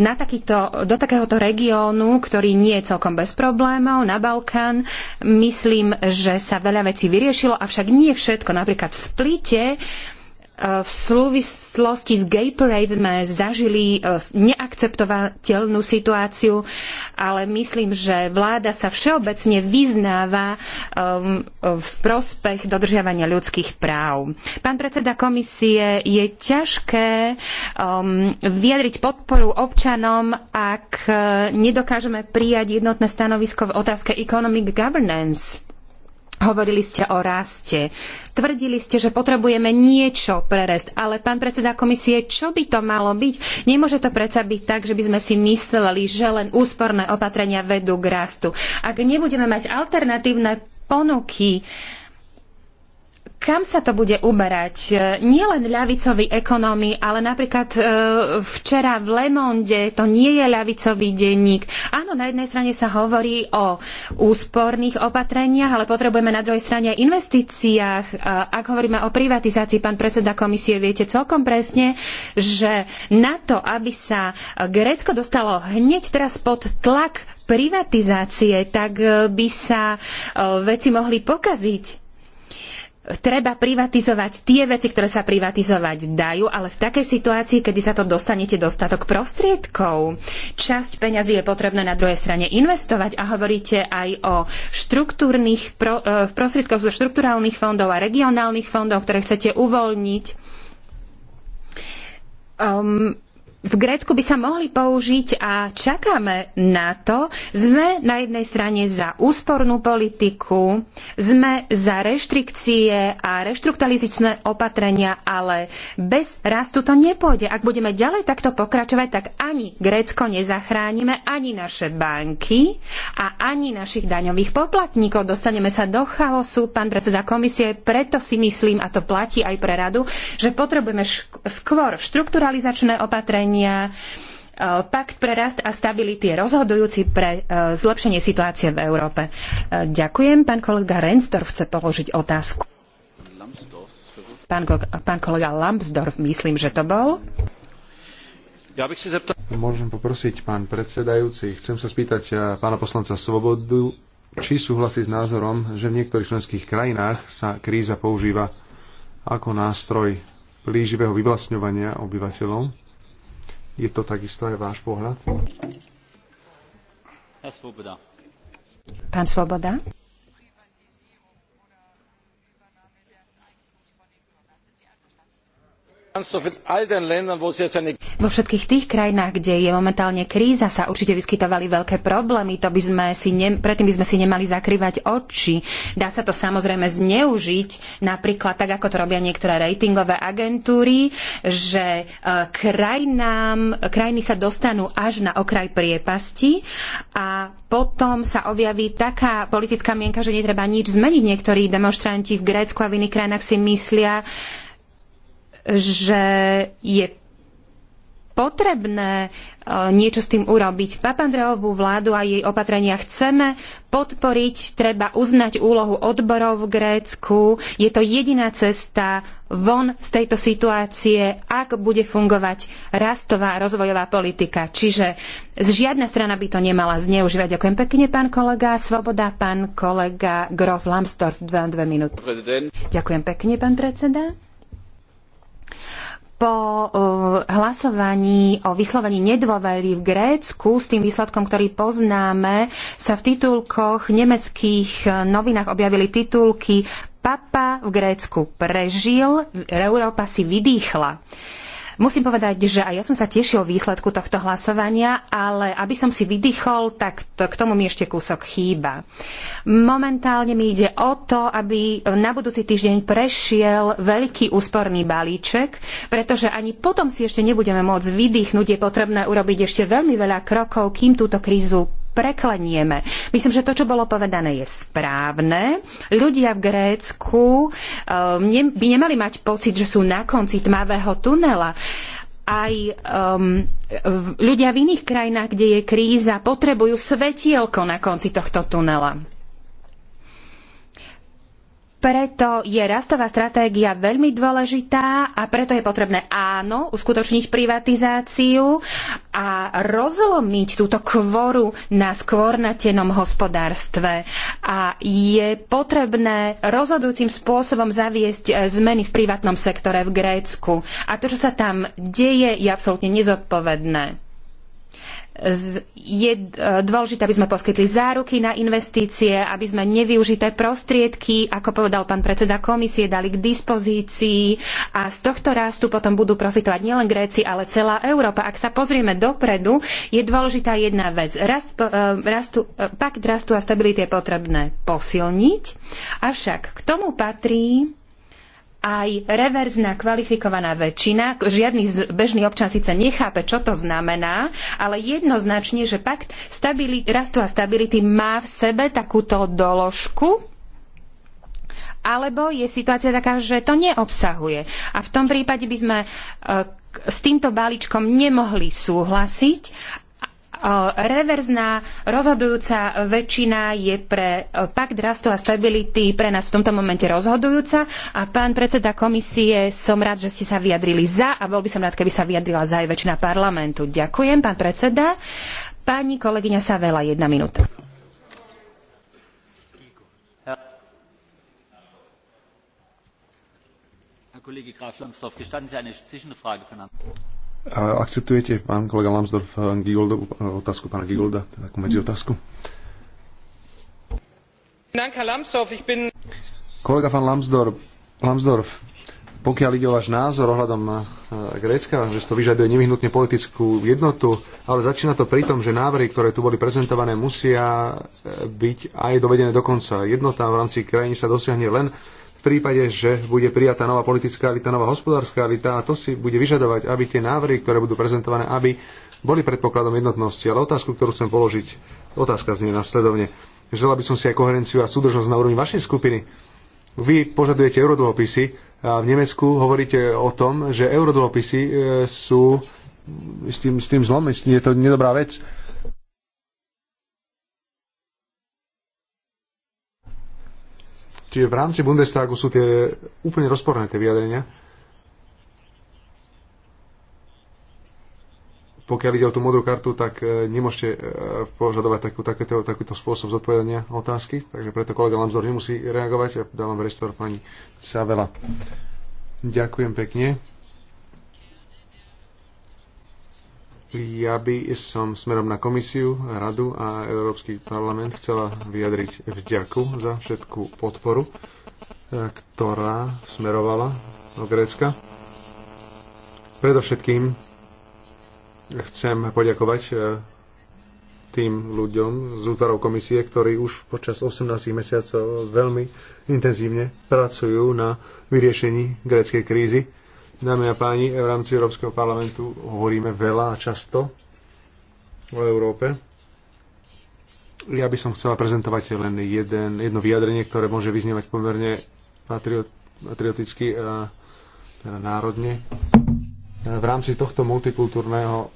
na takýto, do takéhoto regiónu, ktorý nie je celkom bez problémov, na Balkán. Myslím, že sa veľa vecí vyriešilo, avšak nie všetko. Napríklad v Splite uh, E, v súvislosti s Gay Parade sme zažili e, neakceptovateľnú situáciu, ale myslím, že vláda sa všeobecne vyznáva um, e, v prospech dodržiavania ľudských práv. Pán predseda komisie, je ťažké um, vyjadriť podporu občanom, ak nedokážeme prijať jednotné stanovisko v otázke economic governance Hovorili ste o raste. Tvrdili ste, že potrebujeme niečo pre rest. Ale pán predseda komisie, čo by to malo byť? Nemôže to predsa byť tak, že by sme si mysleli, že len úsporné opatrenia vedú k rastu. Ak nebudeme mať alternatívne ponuky, kam sa to bude uberať? E, nielen ľavicoví ekonómi, ale napríklad e, včera v Lemonde to nie je ľavicový denník. Áno, na jednej strane sa hovorí o úsporných opatreniach, ale potrebujeme na druhej strane aj investíciách. Ak hovoríme o privatizácii, pán predseda komisie, viete celkom presne, že na to, aby sa Grécko dostalo hneď teraz pod tlak privatizácie, tak e, by sa e, veci mohli pokaziť treba privatizovať tie veci, ktoré sa privatizovať dajú, ale v takej situácii, kedy sa to dostanete dostatok prostriedkov. Časť peňazí je potrebné na druhej strane investovať a hovoríte aj o štruktúrnych pro, e, prostriedkoch zo štruktúrálnych fondov a regionálnych fondov, ktoré chcete uvoľniť. Um, v Grécku by sa mohli použiť a čakáme na to. Sme na jednej strane za úspornú politiku, sme za reštrikcie a reštrukturalizačné opatrenia, ale bez rastu to nepôjde. Ak budeme ďalej takto pokračovať, tak ani Grécko nezachránime, ani naše banky a ani našich daňových poplatníkov. Dostaneme sa do chaosu, pán predseda komisie, preto si myslím, a to platí aj pre radu, že potrebujeme skôr štrukturalizačné opatrenia, opatrenia. E, pakt pre rast a stability je rozhodujúci pre e, zlepšenie situácie v Európe. E, ďakujem. Pán kolega Rensdorf chce položiť otázku. Pán, pán kolega Lambsdorf, myslím, že to bol. Ja bych si zeptal... Môžem poprosiť, pán predsedajúci, chcem sa spýtať pána poslanca Svobodu, či súhlasí s názorom, že v niektorých členských krajinách sa kríza používa ako nástroj plíživého vyvlastňovania obyvateľov je to takisto aj váš pohľad? Pán Svoboda. Vo všetkých tých krajinách, kde je momentálne kríza, sa určite vyskytovali veľké problémy. To by sme si ne, predtým by sme si nemali zakrývať oči. Dá sa to samozrejme zneužiť, napríklad tak, ako to robia niektoré ratingové agentúry, že e, krajinám, krajiny sa dostanú až na okraj priepasti a potom sa objaví taká politická mienka, že netreba nič zmeniť. Niektorí demonstranti v Grécku a v iných krajinách si myslia, že je potrebné e, niečo s tým urobiť. Papandreovú vládu a jej opatrenia chceme podporiť, treba uznať úlohu odborov v Grécku. Je to jediná cesta von z tejto situácie, ak bude fungovať rastová rozvojová politika. Čiže z žiadna strana by to nemala zneužívať. Ďakujem pekne, pán kolega. Svoboda, pán kolega Grof Lambsdorff, dve, dve minúty. Ďakujem pekne, pán predseda po e, hlasovaní o vyslovení nedôvery v Grécku s tým výsledkom, ktorý poznáme, sa v titulkoch nemeckých e, novinách objavili titulky Papa v Grécku prežil, Európa si vydýchla. Uh, Musím povedať, že aj ja som sa tešil výsledku tohto hlasovania, ale aby som si vydýchol, tak to, k tomu mi ešte kúsok chýba. Momentálne mi ide o to, aby na budúci týždeň prešiel veľký úsporný balíček, pretože ani potom si ešte nebudeme môcť vydýchnuť. Je potrebné urobiť ešte veľmi veľa krokov, kým túto krízu preklenieme. Myslím, že to, čo bolo povedané, je správne. Ľudia v Grécku ehm, by nemali mať pocit, že sú na konci tmavého tunela aj um, ľudia v iných krajinách, kde je kríza, potrebujú svetielko na konci tohto tunela. Preto je rastová stratégia veľmi dôležitá a preto je potrebné áno, uskutočniť privatizáciu a rozlomiť túto kvoru na skvornatenom hospodárstve. A je potrebné rozhodujúcim spôsobom zaviesť eh, zmeny v privátnom sektore v Grécku. A to, čo sa tam deje, je absolútne nezodpovedné je e, dôležité, aby sme poskytli záruky na investície, aby sme nevyužité prostriedky, ako povedal pán predseda komisie, dali k dispozícii a z tohto rastu potom budú profitovať nielen Gréci, ale celá Európa. Ak sa pozrieme dopredu, je dôležitá jedna vec. Rast, e, rastu, e, pakt rastu a stability je potrebné posilniť, avšak k tomu patrí aj reverzná kvalifikovaná väčšina. Žiadny bežný občan síce nechápe, čo to znamená, ale jednoznačne, že pakt stability, rastu a stability má v sebe takúto doložku, alebo je situácia taká, že to neobsahuje. A v tom prípade by sme e, s týmto balíčkom nemohli súhlasiť reverzná rozhodujúca väčšina je pre pakt rastu a stability pre nás v tomto momente rozhodujúca a pán predseda komisie, som rád, že ste sa vyjadrili za a bol by som rád, keby sa vyjadrila za aj väčšina parlamentu. Ďakujem, pán predseda. Pani kolegyňa Savela, jedna minúta. Graf Lambsdorff, gestatten Sie eine Zwischenfrage von Herrn Akceptujete, pán kolega Lambsdorff, eh, eh, otázku pána Gigolda, teda takú medzi otázku? Kolega pán Lambsdorff, Lambsdorff, pokiaľ ide o váš názor ohľadom eh, Grécka, že to vyžaduje nevyhnutne politickú jednotu, ale začína to pri tom, že návrhy, ktoré tu boli prezentované, musia byť aj dovedené do konca. Jednota v rámci krajiny sa dosiahne len prípade, že bude prijatá nová politická elita, nová hospodárska elita a to si bude vyžadovať, aby tie návrhy, ktoré budú prezentované, aby boli predpokladom jednotnosti. Ale otázku, ktorú chcem položiť, otázka znie nasledovne. Želal by som si aj koherenciu a súdržnosť na úrovni vašej skupiny. Vy požadujete eurodlhopisy a v Nemecku hovoríte o tom, že eurodlhopisy e, sú s tým, s tým zlom, je to nedobrá vec Čiže v rámci Bundestagu sú tie úplne rozporné tie vyjadrenia. Pokiaľ ide o tú modrú kartu, tak e, nemôžete e, požadovať takú, takéto, takýto spôsob zodpovedania otázky, takže preto kolega Lamzor nemusí reagovať a ja dávam restor pani Savela. Ďakujem pekne. Ja by som smerom na komisiu, radu a Európsky parlament chcela vyjadriť vďaku za všetkú podporu, e, ktorá smerovala do Grécka. Predovšetkým chcem poďakovať e, tým ľuďom z útvarov komisie, ktorí už počas 18 mesiacov veľmi intenzívne pracujú na vyriešení gréckej krízy Dámy a páni, v rámci Európskeho parlamentu hovoríme veľa a často o Európe. Ja by som chcela prezentovať len jeden, jedno vyjadrenie, ktoré môže vyznievať pomerne patriot, patrioticky a teda národne. V rámci tohto multikultúrneho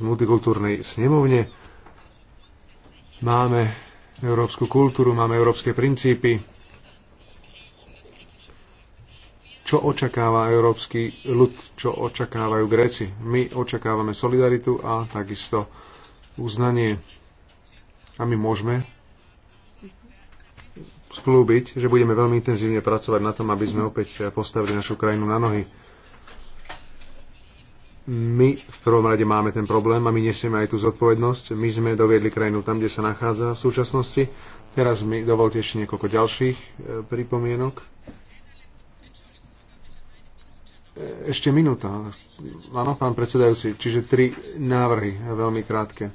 multikultúrnej snemovne máme európsku kultúru, máme európske princípy, čo očakáva európsky ľud, čo očakávajú Gréci. My očakávame solidaritu a takisto uznanie. A my môžeme sklúbiť, že budeme veľmi intenzívne pracovať na tom, aby sme opäť postavili našu krajinu na nohy. My v prvom rade máme ten problém a my nesieme aj tú zodpovednosť. My sme doviedli krajinu tam, kde sa nachádza v súčasnosti. Teraz mi dovolte ešte niekoľko ďalších e, pripomienok. Ešte minúta. Áno, pán predsedajúci, čiže tri návrhy, veľmi krátke. E,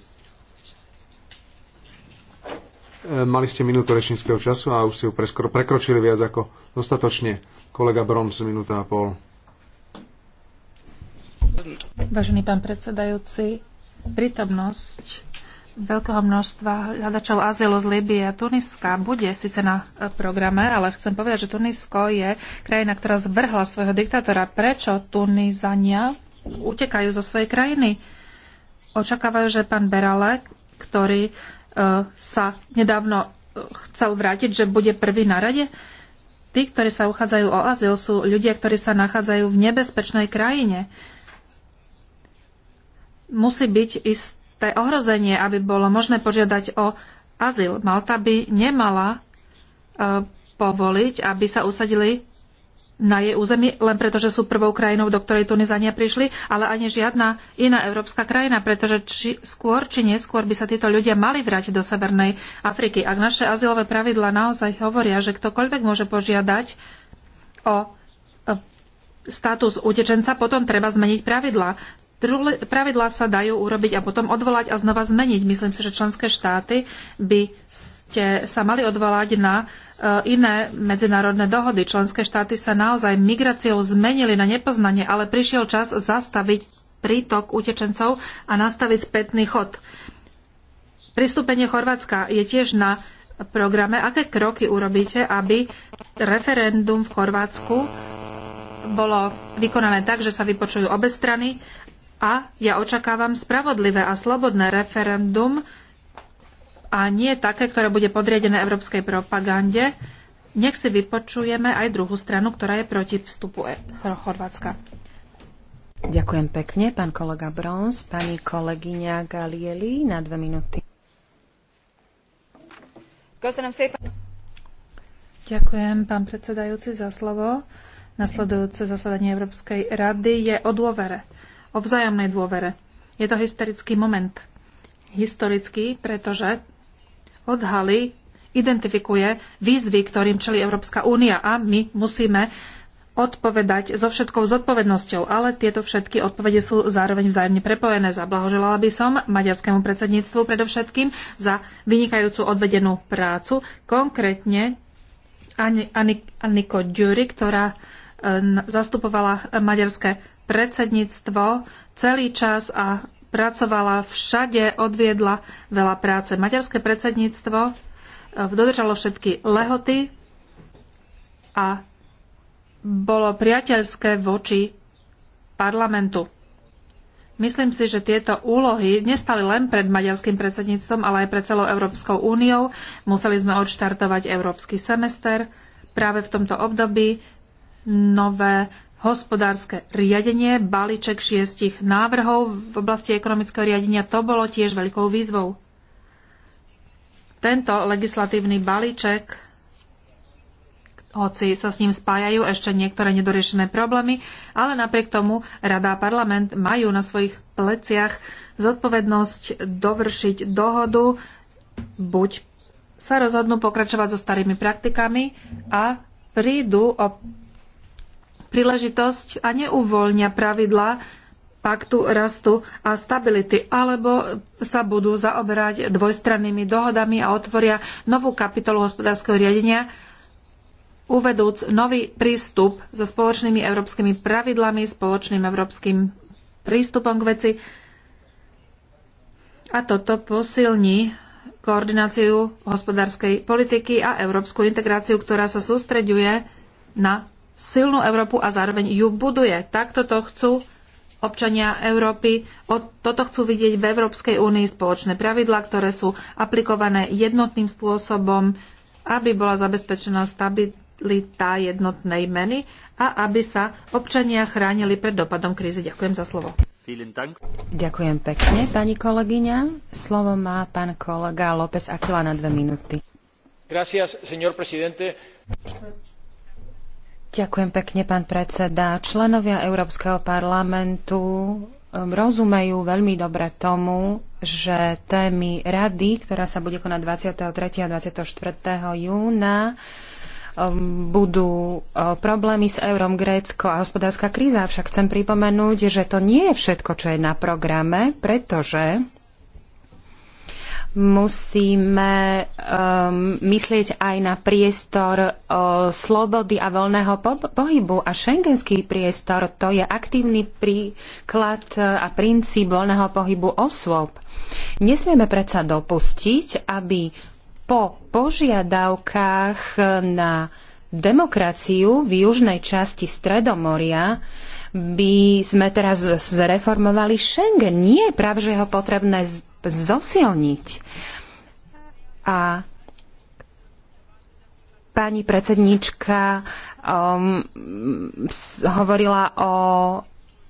mali ste minútu rečníckého času a už ste ju preskoro prekročili viac ako dostatočne. Kolega Broms, minúta a pol. Vážený pán predsedajúci, prítomnosť veľkého množstva hľadačov azylu z Libie a Tuniska bude síce na e, programe, ale chcem povedať, že Tunisko je krajina, ktorá zvrhla svojho diktátora. Prečo Tunizania utekajú zo svojej krajiny? Očakávajú, že pán Beralek, ktorý e, sa nedávno e, chcel vrátiť, že bude prvý na rade? Tí, ktorí sa uchádzajú o azyl, sú ľudia, ktorí sa nachádzajú v nebezpečnej krajine. Musí byť ist pre ohrozenie, aby bolo možné požiadať o azyl. Malta by nemala e, povoliť, aby sa usadili na jej území, len preto, že sú prvou krajinou, do ktorej Tunizania prišli, ale ani žiadna iná európska krajina, pretože či, skôr či neskôr by sa títo ľudia mali vrátiť do Severnej Afriky. Ak naše azylové pravidla naozaj hovoria, že ktokoľvek môže požiadať o e, status utečenca, potom treba zmeniť pravidla. Pravidlá sa dajú urobiť a potom odvolať a znova zmeniť. Myslím si, že členské štáty by ste sa mali odvolať na e, iné medzinárodné dohody. Členské štáty sa naozaj migráciou zmenili na nepoznanie, ale prišiel čas zastaviť prítok utečencov a nastaviť spätný chod. Pristúpenie Chorvátska je tiež na programe. Aké kroky urobíte, aby referendum v Chorvátsku bolo vykonané tak, že sa vypočujú obe strany a ja očakávam spravodlivé a slobodné referendum a nie také, ktoré bude podriadené európskej propagande. Nech si vypočujeme aj druhú stranu, ktorá je proti vstupu e- Chorvátska. Ďakujem pekne, pán kolega Brons, pani kolegyňa Galieli na dve minúty. Ďakujem, pán predsedajúci, za slovo. Nasledujúce zasadanie Európskej rady je o dôvere o vzájomnej dôvere. Je to historický moment. Historický, pretože odhalí, identifikuje výzvy, ktorým čelí Európska únia a my musíme odpovedať so všetkou zodpovednosťou, ale tieto všetky odpovede sú zároveň vzájomne prepojené. Zablahoželala by som maďarskému predsedníctvu predovšetkým za vynikajúcu odvedenú prácu, konkrétne Aniko Dury, ktorá eh, zastupovala maďarské predsedníctvo celý čas a pracovala všade, odviedla veľa práce. Maďarské predsedníctvo e, dodržalo všetky lehoty a bolo priateľské voči parlamentu. Myslím si, že tieto úlohy nestali len pred maďarským predsedníctvom, ale aj pred celou Európskou úniou. Museli sme odštartovať európsky semester. Práve v tomto období nové hospodárske riadenie, balíček šiestich návrhov v oblasti ekonomického riadenia, to bolo tiež veľkou výzvou. Tento legislatívny balíček, hoci sa s ním spájajú ešte niektoré nedoriešené problémy, ale napriek tomu Rada a parlament majú na svojich pleciach zodpovednosť dovršiť dohodu, buď sa rozhodnú pokračovať so starými praktikami a prídu o príležitosť a neuvoľnia pravidlá paktu rastu a stability, alebo sa budú zaoberať dvojstrannými dohodami a otvoria novú kapitolu hospodárskeho riadenia, uvedúc nový prístup so spoločnými európskymi pravidlami, spoločným európskym prístupom k veci. A toto posilní koordináciu hospodárskej politiky a európsku integráciu, ktorá sa sústreďuje na silnú Európu a zároveň ju buduje. Takto to chcú občania Európy. Toto chcú vidieť v Európskej únii spoločné pravidlá, ktoré sú aplikované jednotným spôsobom, aby bola zabezpečená stabilita jednotnej meny a aby sa občania chránili pred dopadom krízy. Ďakujem za slovo. Ďakujem pekne, pani kolegyňa. Slovo má pán kolega López Aquila na dve minúty. Gracias, señor presidente. Ďakujem pekne, pán predseda. Členovia Európskeho parlamentu um, rozumejú veľmi dobre tomu, že témy rady, ktorá sa bude konať 23. a 24. júna, um, budú uh, problémy s eurom Grécko a hospodárska kríza. avšak chcem pripomenúť, že to nie je všetko, čo je na programe, pretože musíme um, myslieť aj na priestor uh, slobody a voľného po- pohybu a šengenský priestor to je aktívny príklad uh, a princíp voľného pohybu osôb. Nesmieme predsa dopustiť, aby po požiadavkách uh, na demokraciu v južnej časti Stredomoria, by sme teraz zreformovali Schengen. Nie je práve, že ho potrebné zosilniť. A pani predsednička um, hovorila o,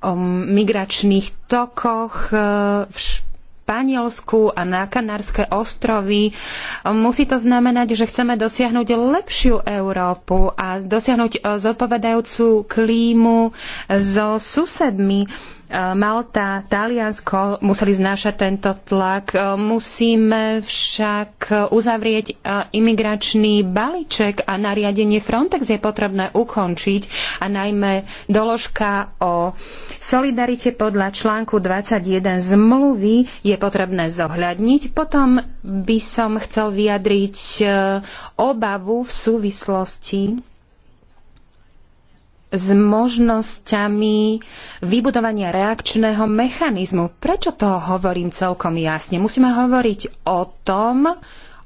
o migračných tokoch uh, v Španielsku Španielsku a na Kanárske ostrovy. Musí to znamenať, že chceme dosiahnuť lepšiu Európu a dosiahnuť e, zodpovedajúcu klímu so susedmi Eh, Malta, Taliansko museli znášať tento tlak. Eh, Musíme však uzavrieť eh, imigračný balíček a nariadenie Frontex je potrebné ukončiť a najmä doložka o solidarite podľa článku 21 zmluvy je potrebné zohľadniť. Potom by som chcel vyjadriť obavu v súvislosti s možnosťami vybudovania reakčného mechanizmu. Prečo to hovorím celkom jasne? Musíme hovoriť o tom,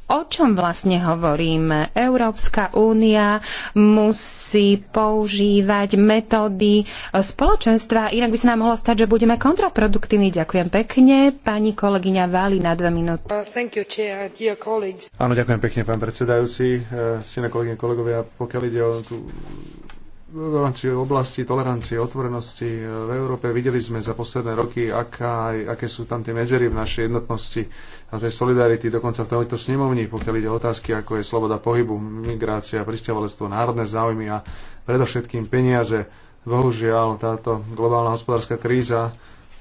o čom vlastne hovoríme. Európska únia musí používať metódy spoločenstva, inak by sa nám mohlo stať, že budeme kontraproduktívni. Ďakujem pekne. Pani kolegyňa Váli na dve minúty. Uh, Áno, ďakujem pekne, pán predsedajúci. Uh, Sine kolegyne, kolegovia, pokiaľ ide o tú tolerancie, oblasti tolerancie, otvorenosti e, v Európe. Videli sme za posledné roky, aká, aké sú tam tie medzery v našej jednotnosti a tej solidarity, dokonca v tomto snemovni, pokiaľ ide o otázky, ako je sloboda pohybu, migrácia, pristiavalectvo, národné záujmy a predovšetkým peniaze. Bohužiaľ, táto globálna hospodárska kríza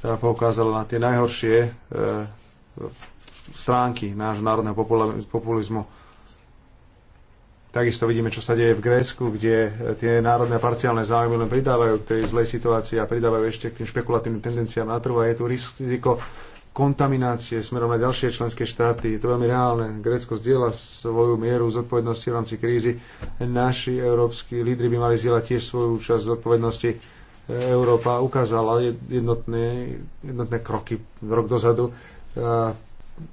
teda poukázala na tie najhoršie e, stránky nášho národného populizmu Takisto vidíme, čo sa deje v Grécku, kde e, tie národné a parciálne záujmy len pridávajú k tej zlej situácii a pridávajú ešte k tým špekulatívnym tendenciám na trhu a je tu riziko kontaminácie smerom na ďalšie členské štáty. Je to veľmi reálne. Grécko zdieľa svoju mieru zodpovednosti v rámci krízy. Naši európsky lídry by mali zdieľať tiež svoju časť zodpovednosti. E, Európa ukázala jednotné, jednotné kroky rok dozadu. A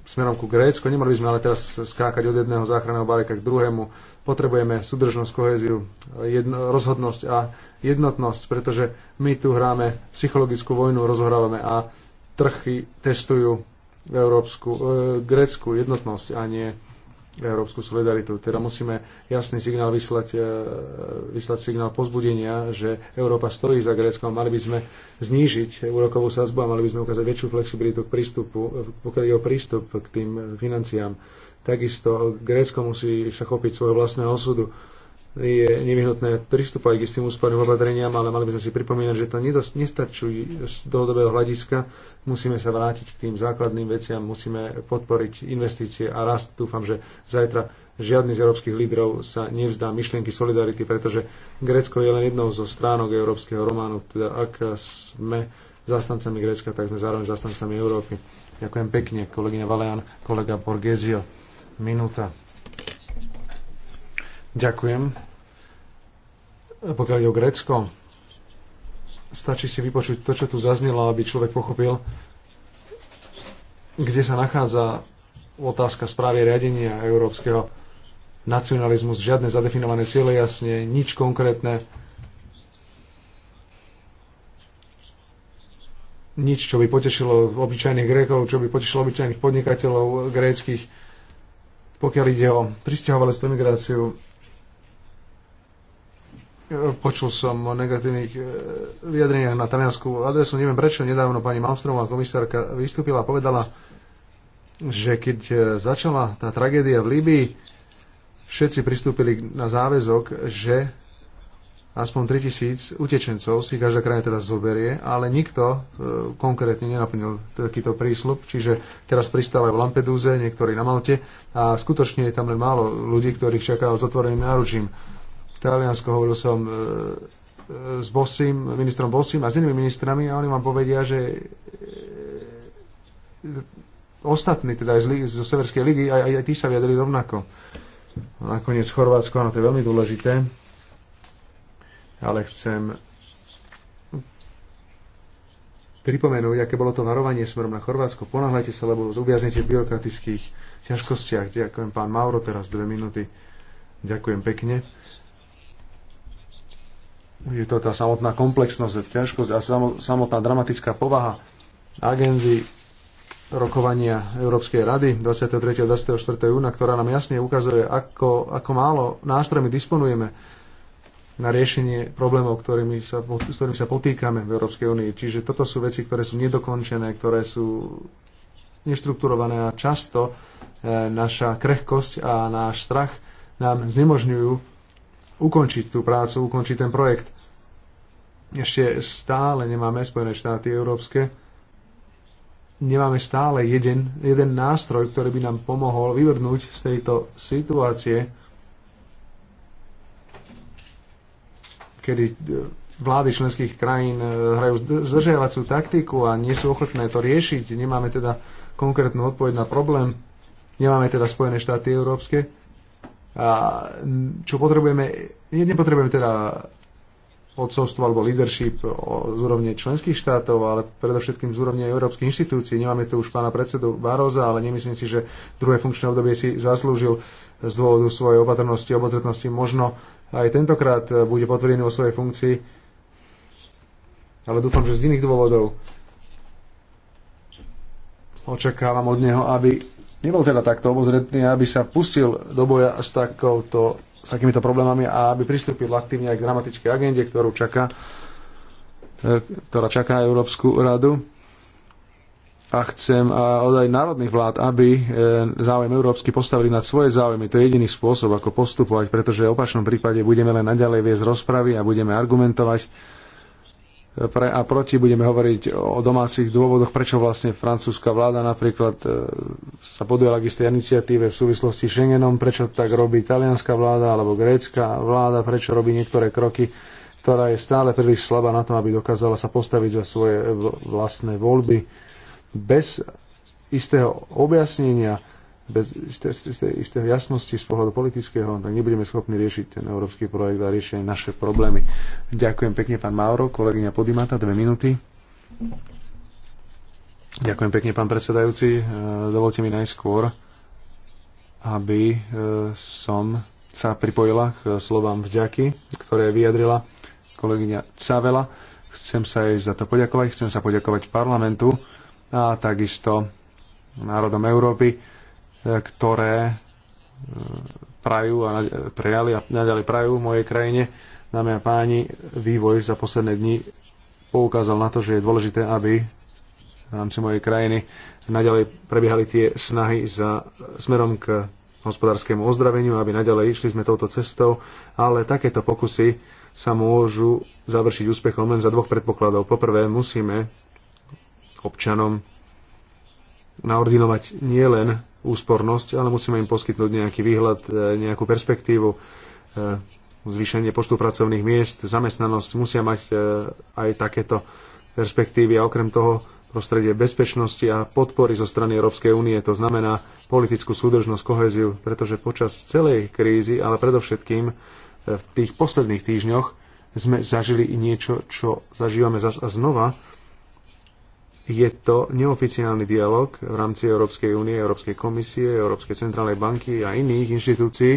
smerom ku Grécku. Nemali by sme ale teraz skákať od jedného záchranného balíka k druhému. Potrebujeme súdržnosť, kohéziu, jedno, rozhodnosť a jednotnosť, pretože my tu hráme psychologickú vojnu, rozhrávame a trhy testujú v európsku, e, grécku jednotnosť a nie európsku solidaritu. Teda musíme jasný signál vyslať, e, vyslať signál pozbudenia, že Európa stojí za Gréckom a mali by sme znížiť úrokovú sazbu a mali by sme ukázať väčšiu flexibilitu k prístupu, pokiaľ je o prístup k tým financiám. Takisto Grécko musí sa chopiť svojho vlastného osudu je nevyhnutné pristupovať k istým úsporným opatreniam, ale mali by sme si pripomínať, že to nestačí z dlhodobého hľadiska. Musíme sa vrátiť k tým základným veciam, musíme podporiť investície a rast. Dúfam, že zajtra žiadny z európskych lídrov sa nevzdá myšlienky solidarity, pretože Grécko je len jednou zo stránok európskeho románu. Teda ak sme zastancami Grécka, tak sme zároveň zastancami Európy. Ďakujem pekne, kolegyňa Valean, kolega Borgesio. Minúta. Ďakujem. Pokiaľ je o Grécko, stačí si vypočuť to, čo tu zaznelo, aby človek pochopil, kde sa nachádza otázka správy riadenia európskeho nacionalizmus, žiadne zadefinované ciele jasne, nič konkrétne, nič, čo by potešilo obyčajných Grékov, čo by potešilo obyčajných podnikateľov gréckých. Pokiaľ ide o pristahovalectvo migráciu, Počul som o negatívnych e, vyjadreniach na talianskú adresu. Neviem prečo nedávno pani Malmstromová komisárka vystúpila a povedala, že keď e, začala tá tragédia v Líbii, všetci pristúpili na záväzok, že aspoň 3000 utečencov si každá krajina teraz zoberie, ale nikto e, konkrétne nenaplnil takýto prísľub, čiže teraz pristávajú v Lampedúze, niektorí na Malte a skutočne je tam len málo ľudí, ktorých čaká s otvoreným náručím. Taliansko, hovoril som e, e, s Bosim, ministrom Bosim a s inými ministrami a oni vám povedia, že e, ostatní, teda aj z, zo Severskej ligy, aj, aj, aj tí sa vyjadrili rovnako. Nakoniec Chorvátsko, áno, to je veľmi dôležité, ale chcem pripomenúť, aké bolo to varovanie smerom na Chorvátsko. Ponáhľajte sa, lebo uviaznete v byrokratických ťažkostiach. Ďakujem pán Mauro, teraz dve minúty. Ďakujem pekne je to tá samotná komplexnosť, ťažkosť a samotná dramatická povaha agendy rokovania Európskej rady 23. a 24. júna, ktorá nám jasne ukazuje, ako, ako málo nástrojmi disponujeme na riešenie problémov, ktorými sa, s ktorými sa potýkame v Európskej únii. Čiže toto sú veci, ktoré sú nedokončené, ktoré sú neštrukturované a často eh, naša krehkosť a náš strach nám znemožňujú ukončiť tú prácu, ukončiť ten projekt ešte stále nemáme Spojené štáty európske, nemáme stále jeden, jeden nástroj, ktorý by nám pomohol vyvrnúť z tejto situácie, kedy e, vlády členských krajín e, hrajú zdržiavacú taktiku a nie sú ochotné to riešiť. Nemáme teda konkrétnu odpoveď na problém. Nemáme teda Spojené štáty európske. A čo potrebujeme, nepotrebujeme teda odcovstvo alebo leadership z úrovne členských štátov, ale predovšetkým z úrovne európskych inštitúcií. Nemáme tu už pána predsedu Baroza, ale nemyslím si, že druhé funkčné obdobie si zaslúžil z dôvodu svojej opatrnosti, obozretnosti. Možno aj tentokrát e, bude potvrdený vo svojej funkcii, ale dúfam, že z iných dôvodov. Očakávam od neho, aby nebol teda takto obozretný, aby sa pustil do boja s takouto s takýmito problémami a aby pristúpil aktívne aj k dramatickej agende, ktorú čaká, e, ktorá čaká Európsku radu. A chcem od aj národných vlád, aby e, záujem európsky postavili nad svoje záujmy. To je jediný spôsob, ako postupovať, pretože v opačnom prípade budeme len naďalej viesť rozpravy a budeme argumentovať pre a proti, budeme hovoriť o domácich dôvodoch, prečo vlastne francúzska vláda napríklad e, sa podujala k istej iniciatíve v súvislosti s Schengenom, prečo tak robí talianská vláda alebo grécka vláda, prečo robí niektoré kroky, ktorá je stále príliš slabá na tom, aby dokázala sa postaviť za svoje vlastné voľby. Bez istého objasnenia bez istého jasnosti z pohľadu politického, tak nebudeme schopní riešiť ten európsky projekt a riešiť naše problémy. Ďakujem pekne, pán Mauro, kolegyňa Podimata, dve minúty. Ďakujem pekne, pán predsedajúci. E, dovolte mi najskôr, aby e, som sa pripojila k slovám vďaky, ktoré vyjadrila kolegyňa Cavela. Chcem sa jej za to poďakovať, chcem sa poďakovať parlamentu a takisto národom Európy E, ktoré e, prajú a prejali a naďalej prajú v mojej krajine. Dámy a páni, vývoj za posledné dni poukázal na to, že je dôležité, aby v rámci mojej krajiny naďalej prebiehali tie snahy za smerom k hospodárskému ozdraveniu, aby naďalej išli sme touto cestou, ale takéto pokusy sa môžu završiť úspechom len za dvoch predpokladov. Poprvé, musíme občanom naordinovať nielen úspornosť, ale musíme im poskytnúť nejaký výhľad, e, nejakú perspektívu, e, zvýšenie počtu pracovných miest, zamestnanosť. Musia mať e, aj takéto perspektívy a okrem toho prostredie bezpečnosti a podpory zo strany Európskej únie, to znamená politickú súdržnosť, koheziu, pretože počas celej krízy, ale predovšetkým v tých posledných týždňoch sme zažili niečo, čo zažívame zas a znova, je to neoficiálny dialog v rámci Európskej únie, Európskej komisie, Európskej centrálnej banky a iných inštitúcií,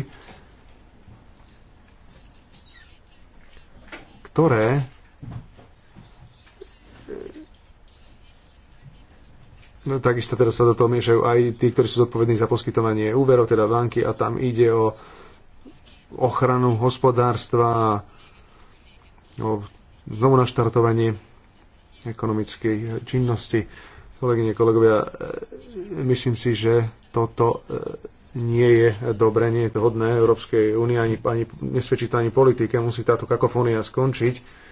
ktoré No, takisto teraz sa do toho miešajú aj tí, ktorí sú zodpovední za poskytovanie úverov, teda banky, a tam ide o ochranu hospodárstva, o znovu naštartovanie ekonomickej činnosti. Kolegyne, kolegovia, e, myslím si, že toto e, nie je dobre, nie je to hodné Európskej únie, ani, ani nesvedčí to ani politike, musí táto kakofónia skončiť.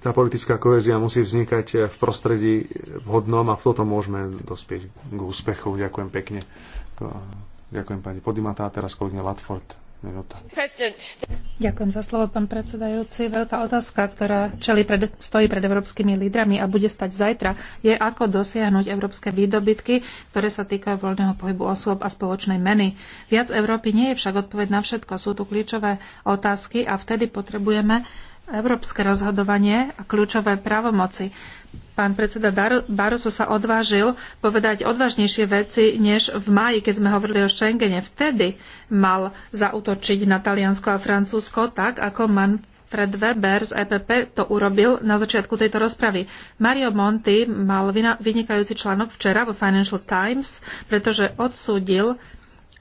Tá politická kohézia musí vznikať v prostredí vhodnom a v toto môžeme dospieť k úspechu. Ďakujem pekne. Ďakujem pani Podimatá, teraz kolegyňa Latford. Minúta. Ďakujem za slovo, pán predsedajúci. Veľká otázka, ktorá čeli pred, stojí pred európskymi lídrami a bude stať zajtra, je ako dosiahnuť európske výdobytky, ktoré sa týkajú voľného pohybu osôb a spoločnej meny. Viac Európy nie je však odpoveď na všetko. Sú tu kľúčové otázky a vtedy potrebujeme európske rozhodovanie a kľúčové právomoci. Pán predseda Barroso sa odvážil povedať odvážnejšie veci, než v maji, keď sme hovorili o Schengene. Vtedy mal zautočiť na Taliansko a Francúzsko tak, ako Manfred Weber z EPP to urobil na začiatku tejto rozpravy. Mario Monti mal vynikajúci článok včera vo Financial Times, pretože odsúdil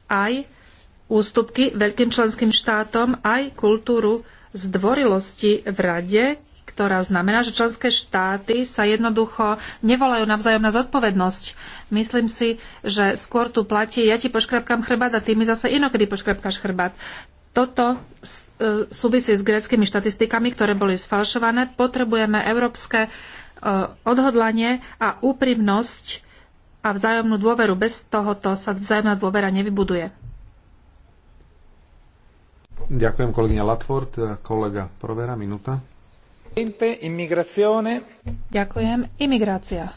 aj ústupky veľkým členským štátom, aj kultúru zdvorilosti v rade, ktorá znamená, že členské štáty sa jednoducho nevolajú navzájom na zodpovednosť. Myslím si, že skôr tu platí, ja ti poškrapkám chrbát a ty mi zase inokedy poškrapkáš chrbát. Toto e, súvisí s greckými štatistikami, ktoré boli sfalšované. Potrebujeme európske e, odhodlanie a úprimnosť a vzájomnú dôveru. Bez tohoto sa vzájomná dôvera nevybuduje. Ďakujem kolegyňa Latford, kolega Provera, minúta. Ďakujem. Imigrácia.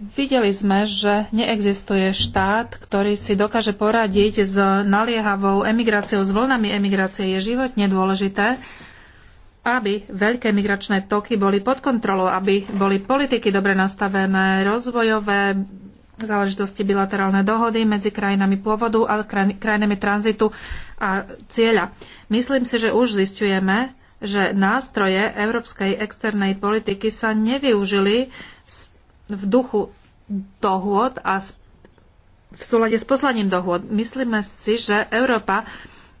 Videli sme, že neexistuje štát, ktorý si dokáže poradiť s naliehavou emigráciou, s vlnami emigrácie. Je životne dôležité, aby veľké migračné toky boli pod kontrolou, aby boli politiky dobre nastavené, rozvojové, v záležitosti bilaterálne dohody medzi krajinami pôvodu a krajinami tranzitu a cieľa. Myslím si, že už zistujeme, že nástroje európskej externej politiky sa nevyužili v duchu dohôd a v súlade s poslaním dohôd. Myslíme si, že Európa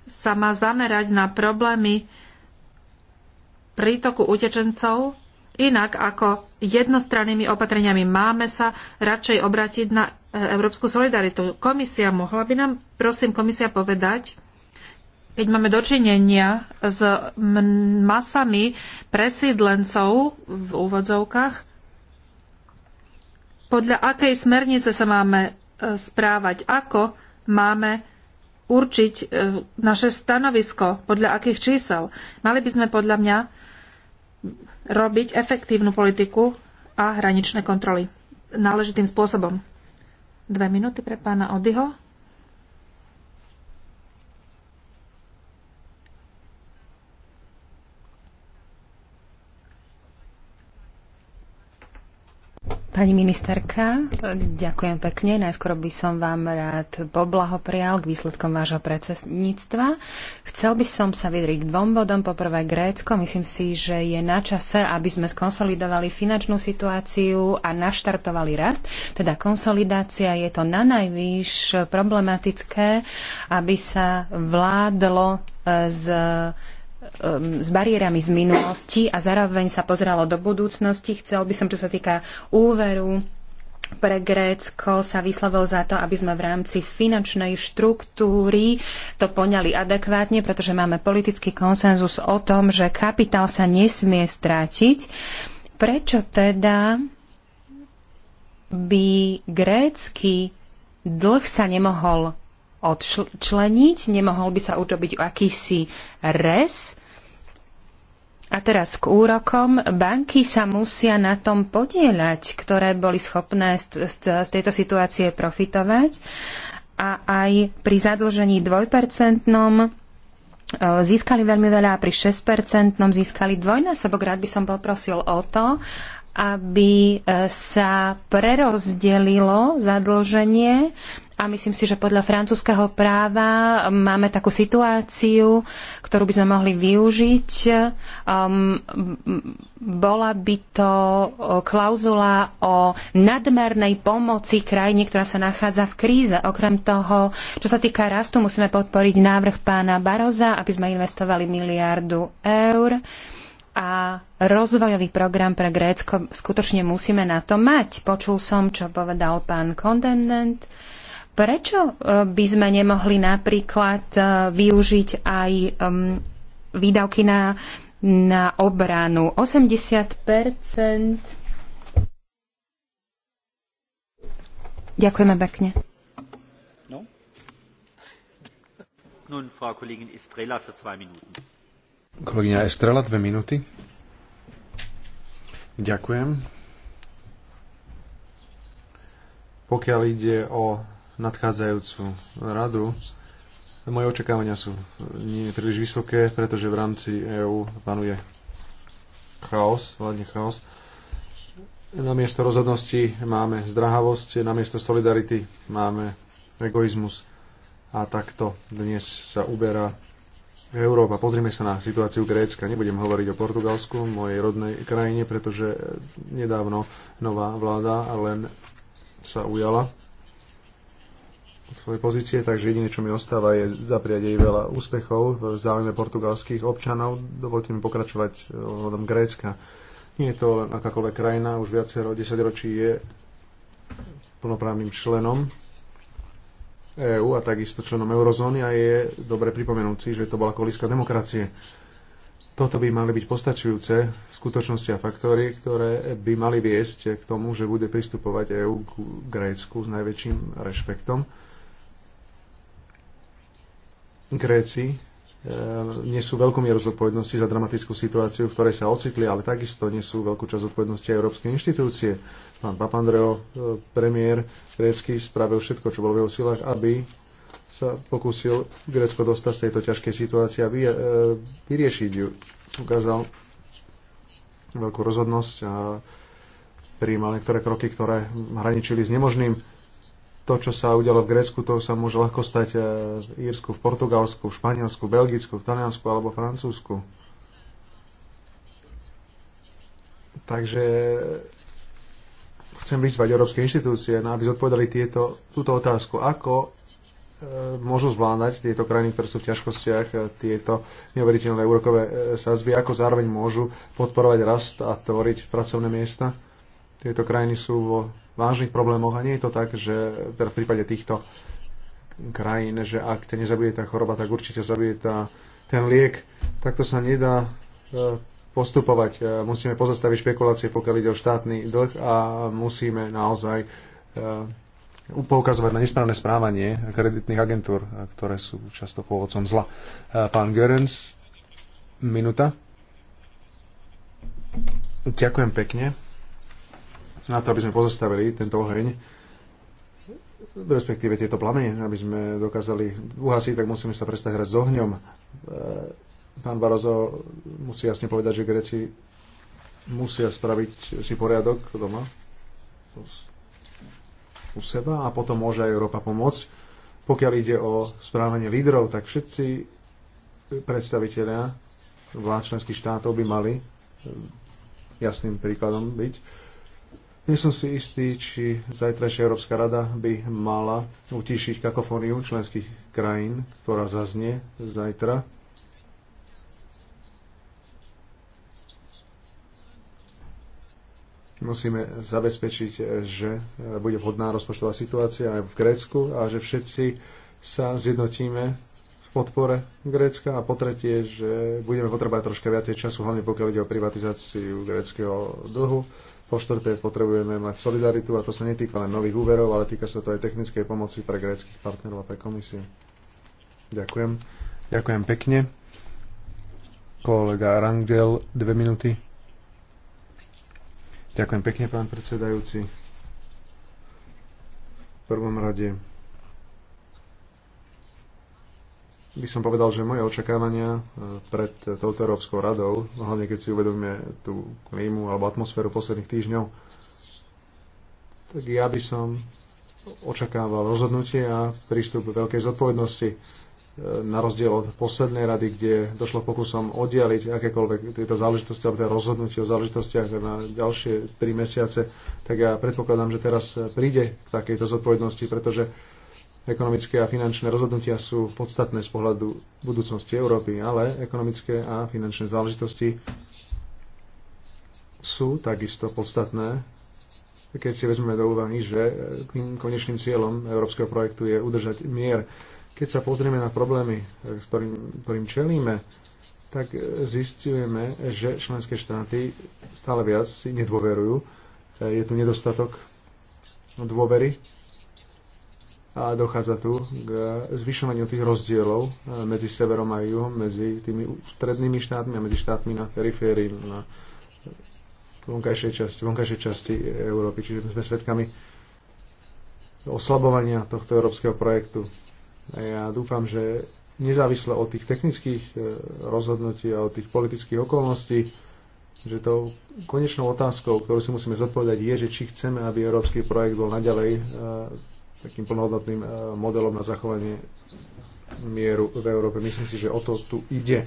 sa má zamerať na problémy prítoku utečencov Inak ako jednostrannými opatreniami máme sa radšej obrátiť na e, európsku solidaritu. Komisia mohla by nám, prosím, komisia povedať, keď máme dočinenia s masami presídlencov v úvodzovkách, podľa akej smernice sa máme e, správať, ako máme určiť e, naše stanovisko, podľa akých čísel. Mali by sme podľa mňa robiť efektívnu politiku a hraničné kontroly náležitým spôsobom. Dve minúty pre pána Odyho. Pani ministerka, ďakujem pekne. Najskôr by som vám rád poblahoprial k výsledkom vášho predsedníctva. Chcel by som sa vydriť dvom bodom. Poprvé Grécko. Myslím si, že je na čase, aby sme skonsolidovali finančnú situáciu a naštartovali rast. Teda konsolidácia je to na najvýš problematické, aby sa vládlo e, z Um, s bariérami z minulosti a zároveň sa pozeralo do budúcnosti. Chcel by som, čo sa týka úveru, pre Grécko sa vyslovil za to, aby sme v rámci finančnej štruktúry to poňali adekvátne, pretože máme politický konsenzus o tom, že kapitál sa nesmie strátiť. Prečo teda by grécky dlh sa nemohol odčleniť, nemohol by sa urobiť akýsi res. A teraz k úrokom. Banky sa musia na tom podieľať, ktoré boli schopné z, z, z tejto situácie profitovať. A aj pri zadlžení dvojpercentnom e, získali veľmi veľa a pri 6% získali dvojnásobok. Rád by som poprosil o to, aby e, sa prerozdelilo zadlženie a myslím si, že podľa francúzského práva máme takú situáciu, ktorú by sme mohli využiť. Um, bola by to e, klauzula o nadmernej pomoci krajine, ktorá sa nachádza v kríze. Okrem toho, čo sa týka rastu, musíme podporiť návrh pána Baroza, aby sme investovali miliardu eur. Um, a rozvojový program pre Grécko skutočne musíme na to mať. Počul som, čo povedal pán Kondemnent. Prečo e, by sme nemohli napríklad e, využiť aj výdavky na, na obranu? 80 Ďakujeme pekne. No? Nun, Frau Kollegin Estrela für zwei Minuten. Kolegyňa Estrela, dve minúty. Ďakujem. Pokiaľ ide o nadchádzajúcu radu, moje očakávania sú nie príliš vysoké, pretože v rámci EÚ panuje chaos, vládne chaos. Namiesto rozhodnosti máme zdrahavosť, miesto solidarity máme egoizmus. A takto dnes sa uberá Európa. Pozrime sa na situáciu Grécka. Nebudem hovoriť o Portugalsku, mojej rodnej krajine, pretože nedávno nová vláda len sa ujala svoje pozície, takže jediné, čo mi ostáva, je zapriať jej veľa úspechov v záujme portugalských občanov. Dovolte mi pokračovať hľadom Grécka. Nie je to len akákoľvek krajina, už viacero desaťročí je plnoprávnym členom EÚ a takisto členom eurozóny a je dobre pripomenúť si, že to bola kolíska demokracie. Toto by mali byť postačujúce skutočnosti a faktory, ktoré by mali viesť k tomu, že bude pristupovať EÚ k Grécku s najväčším rešpektom. Gréci E, nesú veľkú mieru zodpovednosti za dramatickú situáciu, v ktorej sa ocitli, ale takisto nesú veľkú časť zodpovednosti aj európske inštitúcie. Pán Papandreo, e, premiér grécky, spravil všetko, čo bolo v jeho silách, aby sa pokúsil Grécko dostať z tejto ťažkej situácie a vy, e, vyriešiť ju. Ukázal veľkú rozhodnosť a prijímal niektoré kroky, ktoré hraničili s nemožným to, čo sa udialo v Grécku, to sa môže ľahko stať e, v Írsku, v Portugalsku, v Španielsku, v Belgicku, v Taliansku alebo v Francúzsku. Takže chcem vyzvať európske inštitúcie, no, aby zodpovedali tieto, túto otázku. Ako e, môžu zvládať tieto krajiny, ktoré sú v ťažkostiach, e, tieto neuveriteľné úrokové sazby, ako zároveň môžu podporovať rast a tvoriť pracovné miesta. Tieto krajiny sú vo vážnych problémoch a nie je to tak, že teda v prípade týchto krajín, že ak ten nezabije tá choroba, tak určite zabije tá, ten liek. Takto sa nedá e, postupovať. E, musíme pozastaviť špekulácie, pokiaľ ide o štátny dlh a musíme naozaj e, poukazovať na nesprávne správanie kreditných agentúr, ktoré sú často pôvodcom zla. Pán Görens, minúta. Ďakujem pekne na to, aby sme pozastavili tento oheň, respektíve tieto plamy, aby sme dokázali uhasiť, tak musíme sa prestať hrať s ohňom. E, pán Barozo musí jasne povedať, že Gréci musia spraviť si poriadok doma u seba a potom môže aj Európa pomôcť. Pokiaľ ide o správanie lídrov, tak všetci predstaviteľia vlád členských štátov by mali jasným príkladom byť nie som si istý, či zajtrajšia Európska rada by mala utíšiť kakofóniu členských krajín, ktorá zaznie zajtra. Musíme zabezpečiť, že bude vhodná rozpočtová situácia aj v Grécku a že všetci sa zjednotíme v podpore Grécka a po tretie, že budeme potrebovať troška viacej času, hlavne pokiaľ ide o privatizáciu gréckého dlhu po štvrté, potrebujeme mať solidaritu a to sa netýka len nových úverov, ale týka sa to aj technickej pomoci pre gréckých partnerov a pre komisiu. Ďakujem. Ďakujem pekne. Kolega Rangel, dve minúty. Ďakujem pekne, pán predsedajúci. V prvom rade by som povedal, že moje očakávania e, pred touto Európskou radou, hlavne keď si uvedomíme tú klímu alebo atmosféru posledných týždňov, tak ja by som očakával rozhodnutie a prístup veľkej zodpovednosti e, na rozdiel od poslednej rady, kde došlo pokusom oddialiť akékoľvek tieto záležitosti alebo teda rozhodnutie o záležitostiach na ďalšie tri mesiace, tak ja predpokladám, že teraz príde k takejto zodpovednosti, pretože Ekonomické a finančné rozhodnutia sú podstatné z pohľadu budúcnosti Európy, ale ekonomické a finančné záležitosti sú takisto podstatné, keď si vezmeme do úvahy, že tým konečným cieľom európskeho projektu je udržať mier. Keď sa pozrieme na problémy, s ktorým, ktorým čelíme, tak zistujeme, že členské štáty stále viac si nedôverujú. Je tu nedostatok dôvery a dochádza tu k zvyšovaniu tých rozdielov e, medzi severom a juhom, medzi tými strednými štátmi a medzi štátmi na periférii, na vonkajšej časti, vonkajšej časti Európy. Čiže my sme svedkami oslabovania tohto európskeho projektu. A ja dúfam, že nezávisle od tých technických e, rozhodnutí a od tých politických okolností, že tou konečnou otázkou, ktorú si musíme zodpovedať, je, že či chceme, aby európsky projekt bol naďalej e, takým plnohodnotným eh, modelom na zachovanie mieru v Európe. Myslím si, že o to tu ide.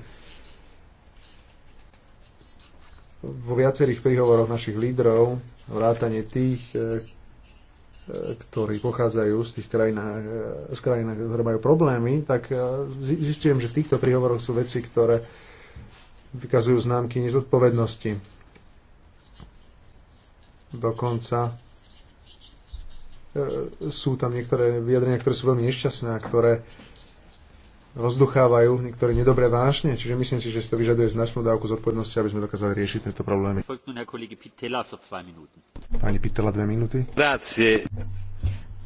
Vo viacerých príhovoroch našich lídrov, vrátane tých, eh, eh, ktorí pochádzajú z tých krajín, z krajín, ktoré majú problémy, tak zistujem, že v týchto príhovoroch sú veci, ktoré vykazujú známky nezodpovednosti. Dokonca E, sú tam niektoré vyjadrenia, ktoré sú veľmi nešťastné a ktoré rozduchávajú niektoré nedobré vášne, čiže myslím si, že si to vyžaduje značnú dávku zodpovednosti, aby sme dokázali riešiť tieto problémy. Pani Pitela, dve minúty.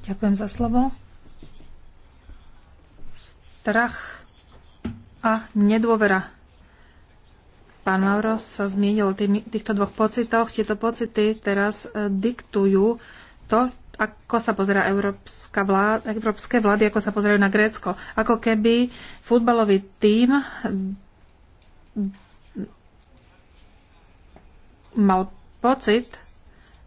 Ďakujem za slovo. Strach a nedôvera. Pán Mauro sa zmienil o týchto dvoch pocitoch. Tieto pocity teraz e, diktujú to, ako sa pozerá európska vláda, európske vlády, ako sa pozerajú na Grécko. Ako keby futbalový tím mm, mal pocit,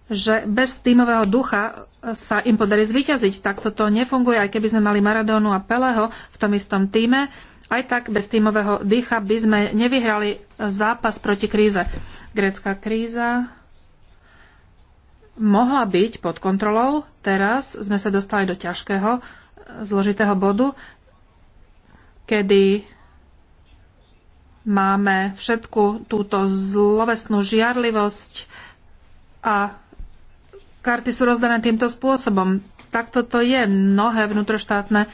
že bez tímového ducha sa im podarí zvyťaziť. Tak toto nefunguje, aj keby sme mali Maradónu a Peleho v tom istom týme. Aj tak bez tímového dýcha by sme nevyhrali zápas proti kríze. Grécka kríza mohla byť pod kontrolou. Teraz sme sa dostali do ťažkého, e, zložitého bodu, kedy máme všetku túto zlovesnú žiarlivosť a karty sú rozdané týmto spôsobom. Takto to je. Mnohé vnútroštátne e,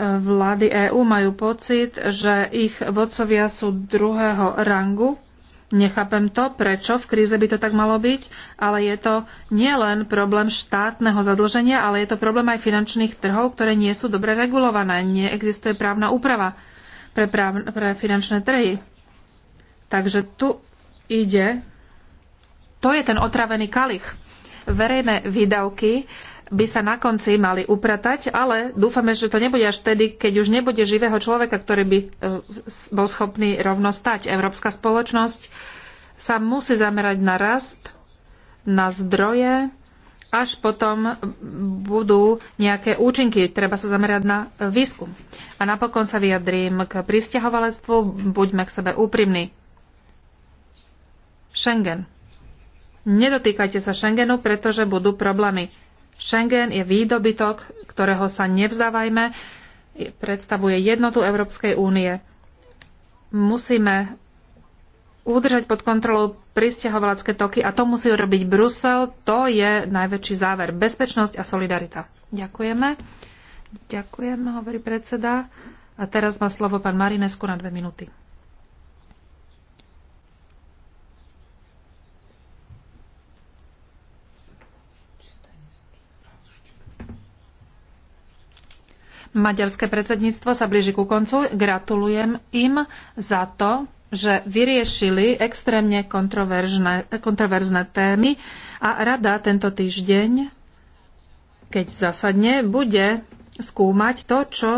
vlády EÚ majú pocit, že ich vodcovia sú druhého rangu Nechápem to, prečo v kríze by to tak malo byť, ale je to nielen problém štátneho zadlženia, ale je to problém aj finančných trhov, ktoré nie sú dobre regulované. Neexistuje právna úprava pre, práv, pre finančné trhy. Takže tu ide, to je ten otravený kalich. Verejné výdavky by sa na konci mali upratať, ale dúfame, že to nebude až tedy, keď už nebude živého človeka, ktorý by e, bol schopný rovno stať. Európska spoločnosť sa musí zamerať na rast, na zdroje, až potom budú nejaké účinky. Treba sa zamerať na výskum. A napokon sa vyjadrím k pristahovalectvu. Buďme k sebe úprimní. Schengen. Nedotýkajte sa Schengenu, pretože budú problémy. Schengen je výdobytok, ktorého sa nevzdávajme, predstavuje jednotu Európskej únie. Musíme udržať pod kontrolou pristahovalacké toky a to musí urobiť Brusel. To je najväčší záver. Bezpečnosť a solidarita. Ďakujeme. Ďakujem, hovorí predseda. A teraz má slovo pán Marinesku na dve minúty. Maďarské predsedníctvo sa blíži ku koncu. Gratulujem im za to, že vyriešili extrémne kontroverzné, kontroverzné témy a rada tento týždeň, keď zasadne, bude skúmať to, čo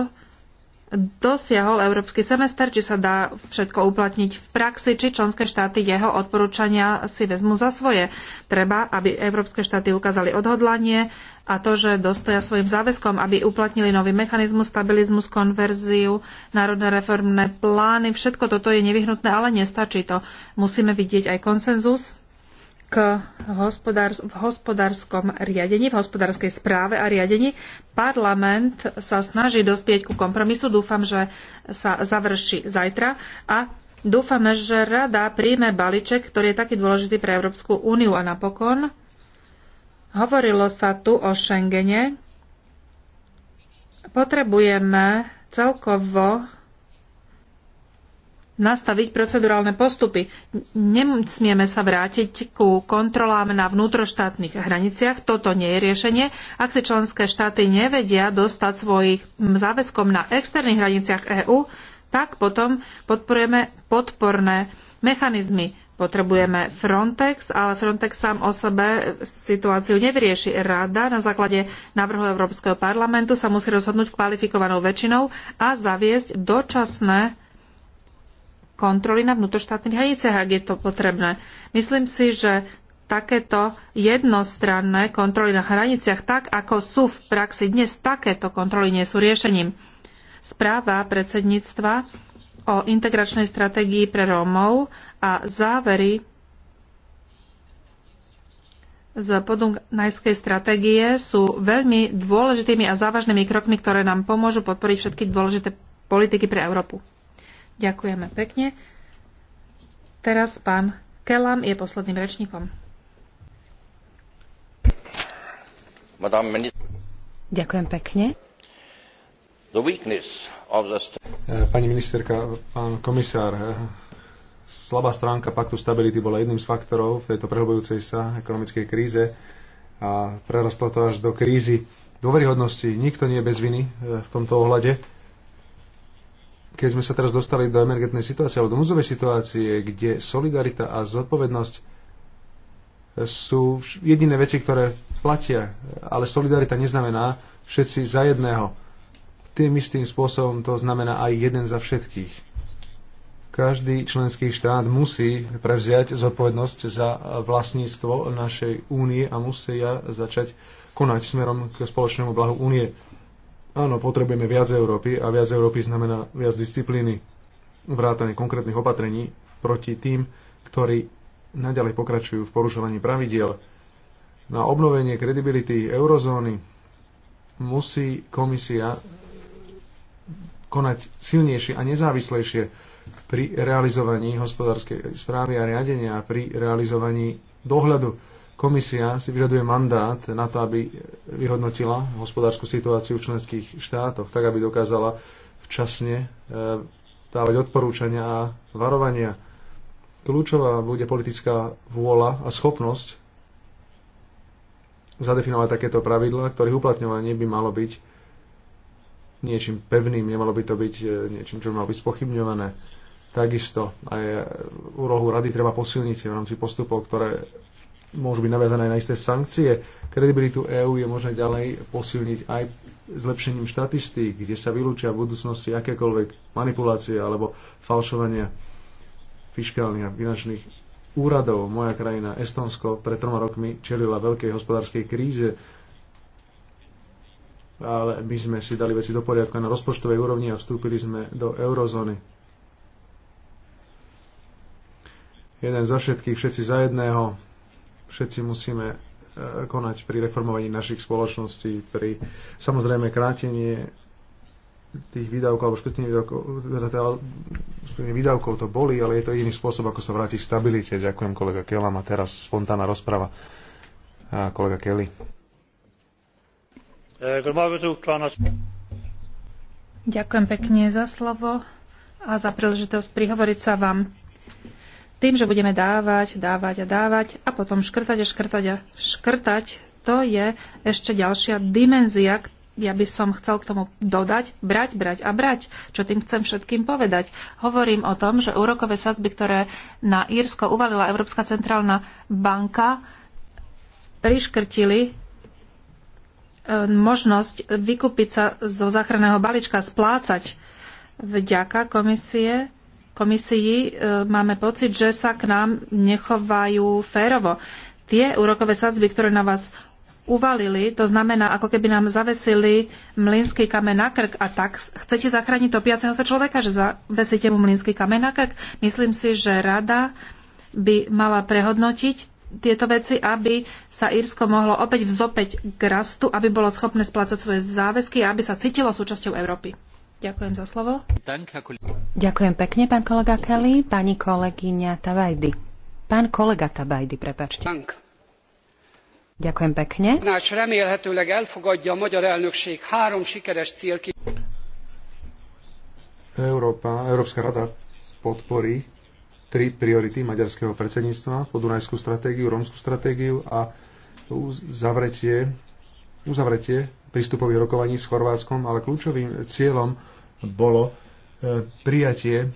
dosiahol európsky semester, či sa dá všetko uplatniť v praxi, či členské štáty jeho odporúčania si vezmu za svoje. Treba, aby európske štáty ukázali odhodlanie a to, že dostoja svojim záväzkom, aby uplatnili nový mechanizmus, stabilizmus, konverziu, národné reformné plány. Všetko toto je nevyhnutné, ale nestačí to. Musíme vidieť aj konsenzus k hospodárs- v hospodárskom riadení, v hospodárskej správe a riadení. Parlament sa snaží dospieť ku kompromisu. Dúfam, že sa završí zajtra a dúfame, že rada príjme balíček, ktorý je taký dôležitý pre Európsku úniu. A napokon hovorilo sa tu o Schengene. Potrebujeme celkovo nastaviť procedurálne postupy. Nemusíme sa vrátiť ku kontrolám na vnútroštátnych hraniciach. Toto nie je riešenie. Ak si členské štáty nevedia dostať svojich záväzkom na externých hraniciach EÚ, tak potom podporujeme podporné mechanizmy. Potrebujeme Frontex, ale Frontex sám o sebe situáciu nevyrieši. Rada na základe návrhu Európskeho parlamentu sa musí rozhodnúť kvalifikovanou väčšinou a zaviesť dočasné kontroly na vnútroštátnych hraniciach, ak je to potrebné. Myslím si, že takéto jednostranné kontroly na hraniciach, tak ako sú v praxi dnes, takéto kontroly nie sú riešením. Správa predsedníctva o integračnej stratégii pre Rómov a závery z podunajskej stratégie sú veľmi dôležitými a závažnými krokmi, ktoré nám pomôžu podporiť všetky dôležité politiky pre Európu. Ďakujeme pekne. Teraz pán Kelam je posledným rečníkom. Ďakujem pekne. Eh, pani ministerka, pán komisár, eh, slabá stránka paktu stability bola jedným z faktorov v tejto prehlbujúcej sa ekonomickej kríze a prerastlo to až do krízy dôveryhodnosti. Nikto nie je bez viny eh, v tomto ohľade keď sme sa teraz dostali do emergentnej situácie alebo do núzovej situácie, kde solidarita a zodpovednosť sú jediné veci, ktoré platia, ale solidarita neznamená všetci za jedného. Tým istým spôsobom to znamená aj jeden za všetkých každý členský štát musí prevziať zodpovednosť za vlastníctvo našej únie a musia začať konať smerom k spoločnému blahu únie. Áno, potrebujeme viac Európy a viac Európy znamená viac disciplíny, vrátane konkrétnych opatrení proti tým, ktorí naďalej pokračujú v porušovaní pravidiel. Na obnovenie kredibility eurozóny musí komisia konať silnejšie a nezávislejšie pri realizovaní hospodárskej správy a riadenia a pri realizovaní dohľadu Komisia si vyžaduje mandát na to, aby vyhodnotila hospodárskú situáciu v členských štátoch, tak aby dokázala včasne e, dávať odporúčania a varovania. Kľúčová bude politická vôľa a schopnosť zadefinovať takéto pravidlá, ktorých uplatňovanie by malo byť niečím pevným, nemalo by to byť e, niečím, čo by malo byť spochybňované. Takisto aj úlohu rady treba posilniť v rámci postupov, ktoré môžu byť naviazané na isté sankcie. Kredibilitu EÚ je možné ďalej posilniť aj zlepšením štatistík, kde sa vylúčia v budúcnosti akékoľvek manipulácie alebo falšovania fiskálnych a finančných úradov. Moja krajina Estonsko pred troma rokmi čelila veľkej hospodárskej kríze, ale my sme si dali veci do poriadku na rozpočtovej úrovni a vstúpili sme do eurozóny. jeden za všetkých, všetci za jedného všetci musíme e, konať pri reformovaní našich spoločností, pri samozrejme krátenie tých výdavkov, alebo škrtenie výdavkov, teda, teda, výdavkov to boli, ale je to jediný spôsob, ako sa vrátiť k stabilite. Ďakujem kolega Kelam a teraz spontánna rozprava. A kolega Kelly. Ďakujem pekne za slovo a za príležitosť prihovoriť sa vám. Tým, že budeme dávať, dávať a dávať a potom škrtať a škrtať a škrtať, to je ešte ďalšia dimenzia, ja by som chcel k tomu dodať, brať, brať a brať. Čo tým chcem všetkým povedať? Hovorím o tom, že úrokové sadzby, ktoré na Írsko uvalila Európska centrálna banka, priškrtili e, možnosť vykúpiť sa zo záchranného balíčka, splácať vďaka komisie komisii e, máme pocit, že sa k nám nechovajú férovo. Tie úrokové sadzby, ktoré na vás uvalili, to znamená, ako keby nám zavesili mlynský kameň na krk a tak chcete zachrániť topiaceho sa človeka, že zavesíte mu mlynský kameň na krk. Myslím si, že rada by mala prehodnotiť tieto veci, aby sa Írsko mohlo opäť vzopäť k rastu, aby bolo schopné splácať svoje záväzky a aby sa cítilo súčasťou Európy. Ďakujem za slovo. Ďakujem pekne, pán kolega Kelly. Pani kolegyňa Tavajdy. Pán kolega Tabajdy, prepačte. Dank. Ďakujem pekne. Náš remélhetőleg elfogadja a magyar elnökség három sikeres célki... Európa, Európska rada podporí tri priority maďarského predsedníctva, podunajskú stratégiu, rómskú stratégiu a uzavretie, uzavretie prístupových rokovaní s Chorvátskom, ale kľúčovým cieľom bolo e, prijatie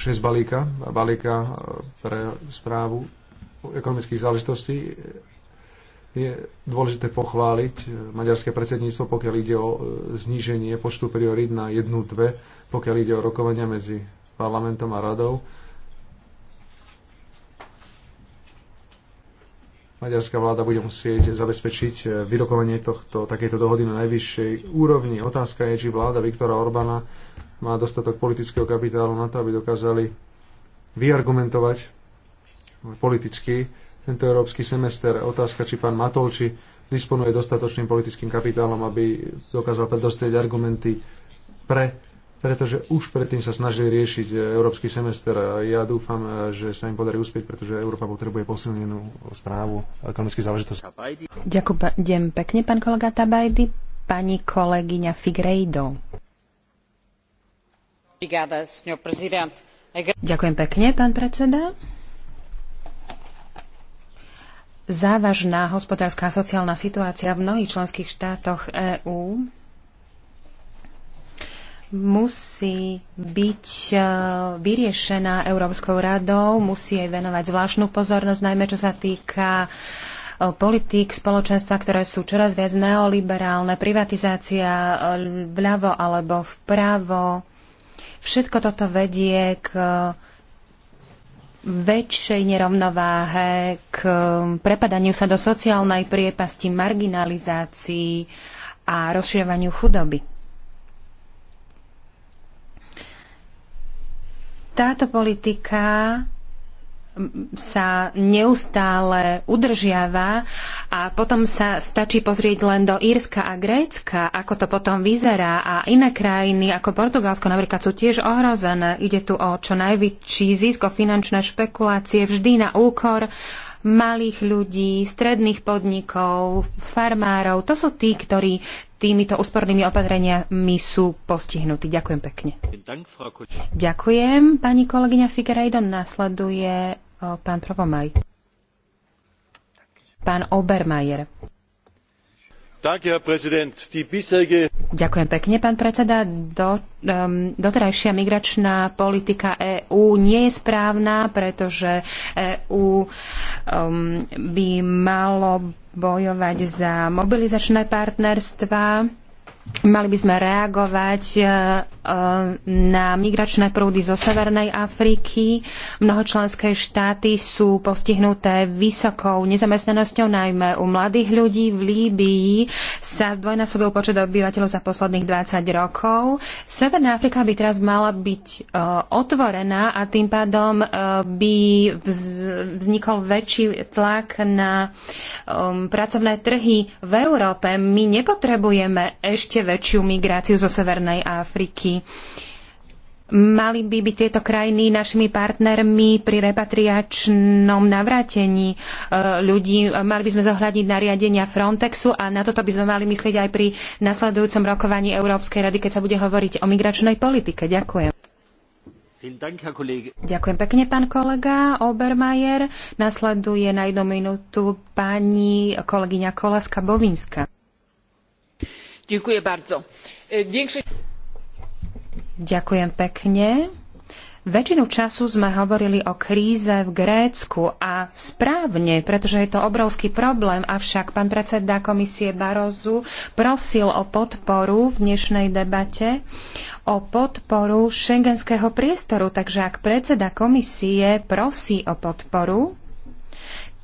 6 balíka, balíka e, pre správu ekonomických záležitostí. E, je dôležité pochváliť maďarské predsedníctvo, pokiaľ ide o zníženie počtu priorít na jednu, dve, pokiaľ ide o rokovania medzi parlamentom a radou maďarská vláda bude musieť zabezpečiť eh, vyrokovanie tohto, takejto dohody na najvyššej úrovni. Otázka je, či vláda Viktora Orbána má dostatok politického kapitálu na to, aby dokázali vyargumentovať politicky tento európsky semester. Otázka, či pán Matolči disponuje dostatočným politickým kapitálom, aby dokázal predostrieť argumenty pre pretože už predtým sa snažili riešiť e, európsky semester a ja dúfam, e, že sa im podarí uspieť, pretože Európa potrebuje posilnenú správu ekonomických záležitostí. Ďakujem pekne, pán kolega Tabajdy. Pani kolegyňa Figrejdo. Ďakujem pekne, pán predseda. Závažná hospodárska a sociálna situácia v mnohých členských štátoch EÚ musí byť e, vyriešená Európskou radou, musí jej venovať zvláštnu pozornosť, najmä čo sa týka e, politík spoločenstva, ktoré sú čoraz viac neoliberálne, privatizácia e, vľavo alebo vpravo. Všetko toto vedie k väčšej nerovnováhe, k prepadaniu sa do sociálnej priepasti, marginalizácii a rozširovaniu chudoby. Táto politika sa neustále udržiava a potom sa stačí pozrieť len do Írska a Grécka, ako to potom vyzerá a iné krajiny ako Portugalsko napríklad sú tiež ohrozené. Ide tu o čo najväčší zisk, o finančné špekulácie vždy na úkor malých ľudí, stredných podnikov, farmárov. To sú tí, ktorí týmito úspornými opatreniami sú postihnutí. Ďakujem pekne. Ďakujem. Pani kolegyňa Figueiredo nasleduje pán Provomaj. Pán Obermajer. Ďakujem pekne, pán predseda. Do, um, doterajšia migračná politika EÚ nie je správna, pretože EÚ um, by malo bojovať za mobilizačné partnerstva Mali by sme reagovať e, e, na migračné prúdy zo Severnej Afriky. Mnohočlenské štáty sú postihnuté vysokou nezamestnanosťou, najmä u mladých ľudí. V Líbii sa zdvojnásobil počet obyvateľov za posledných 20 rokov. Severná Afrika by teraz mala byť e, otvorená a tým pádom by vznikol väčší tlak na pracovné trhy v Európe. My nepotrebujeme ešte ešte väčšiu migráciu zo Severnej Afriky. Mali by byť tieto krajiny našimi partnermi pri repatriačnom navrátení e, ľudí. Mali by sme zohľadniť nariadenia Frontexu a na toto by sme mali myslieť aj pri nasledujúcom rokovaní Európskej rady, keď sa bude hovoriť o migračnej politike. Ďakujem. Ďakujem pekne, pán kolega Obermajer. Nasleduje na jednu minútu pani kolegyňa Kolaska Bovinská. E, Ďakujem pekne. Väčšinu času sme hovorili o kríze v Grécku a správne, pretože je to obrovský problém, avšak pán predseda komisie Barozu prosil o podporu v dnešnej debate, o podporu schengenského priestoru. Takže ak predseda komisie prosí o podporu,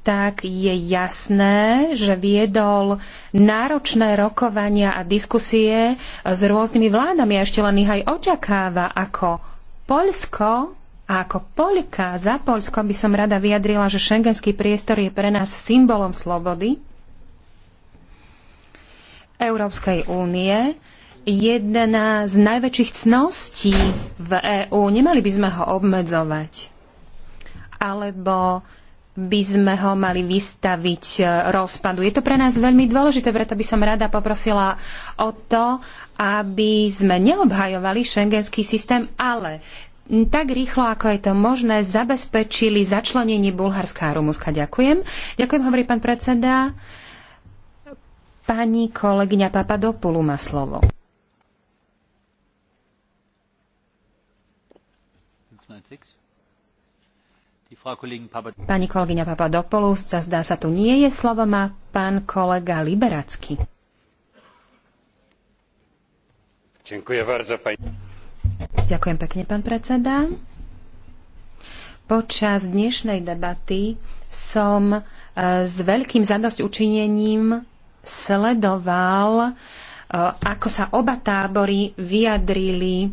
tak je jasné, že viedol náročné rokovania a diskusie s rôznymi vládami a ešte len ich aj očakáva ako Poľsko a ako Poľka za Poľsko by som rada vyjadrila, že šengenský priestor je pre nás symbolom slobody Európskej únie, jedna z najväčších cností v EÚ. Nemali by sme ho obmedzovať alebo by sme ho mali vystaviť e, rozpadu. Je to pre nás veľmi dôležité, preto by som rada poprosila o to, aby sme neobhajovali šengenský systém, ale tak rýchlo, ako je to možné, zabezpečili začlenenie Bulharska a Rumúska. Ďakujem. Ďakujem, hovorí pán predseda. Pani kolegyňa Papadopoulou má slovo. Pani kolegyňa Papadopoulos, sa zdá sa tu nie je slovo, má pán kolega Liberacký. Ďakujem pekne, pán predseda. Počas dnešnej debaty som e, s veľkým učinením sledoval, e, ako sa oba tábory vyjadrili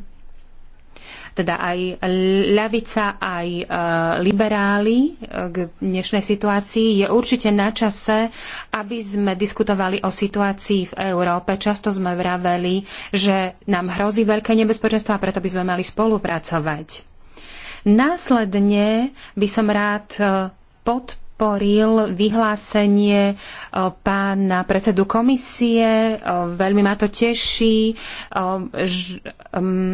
teda aj ľavica, aj e, liberáli e, k dnešnej situácii. Je určite na čase, aby sme diskutovali o situácii v Európe. Často sme vraveli, že nám hrozí veľké nebezpečenstvo a preto by sme mali spolupracovať. Následne by som rád e, podporil podporil vyhlásenie e, pána predsedu komisie. E, veľmi ma to teší. E,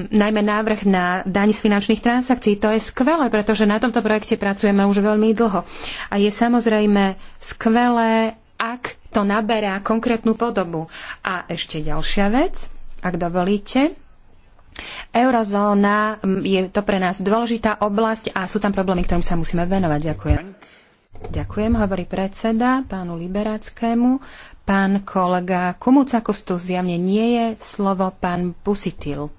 najmä návrh na daň z finančných transakcií. To je skvelé, pretože na tomto projekte pracujeme už veľmi dlho. A je samozrejme skvelé, ak to naberá konkrétnu podobu. A ešte ďalšia vec, ak dovolíte. Eurozóna je to pre nás dôležitá oblasť a sú tam problémy, ktorým sa musíme venovať. Ďakujem. Ďakujem, hovorí predseda pánu Liberáckému. Pán kolega Kumucakos tu zjavne nie je, slovo pán Busitil.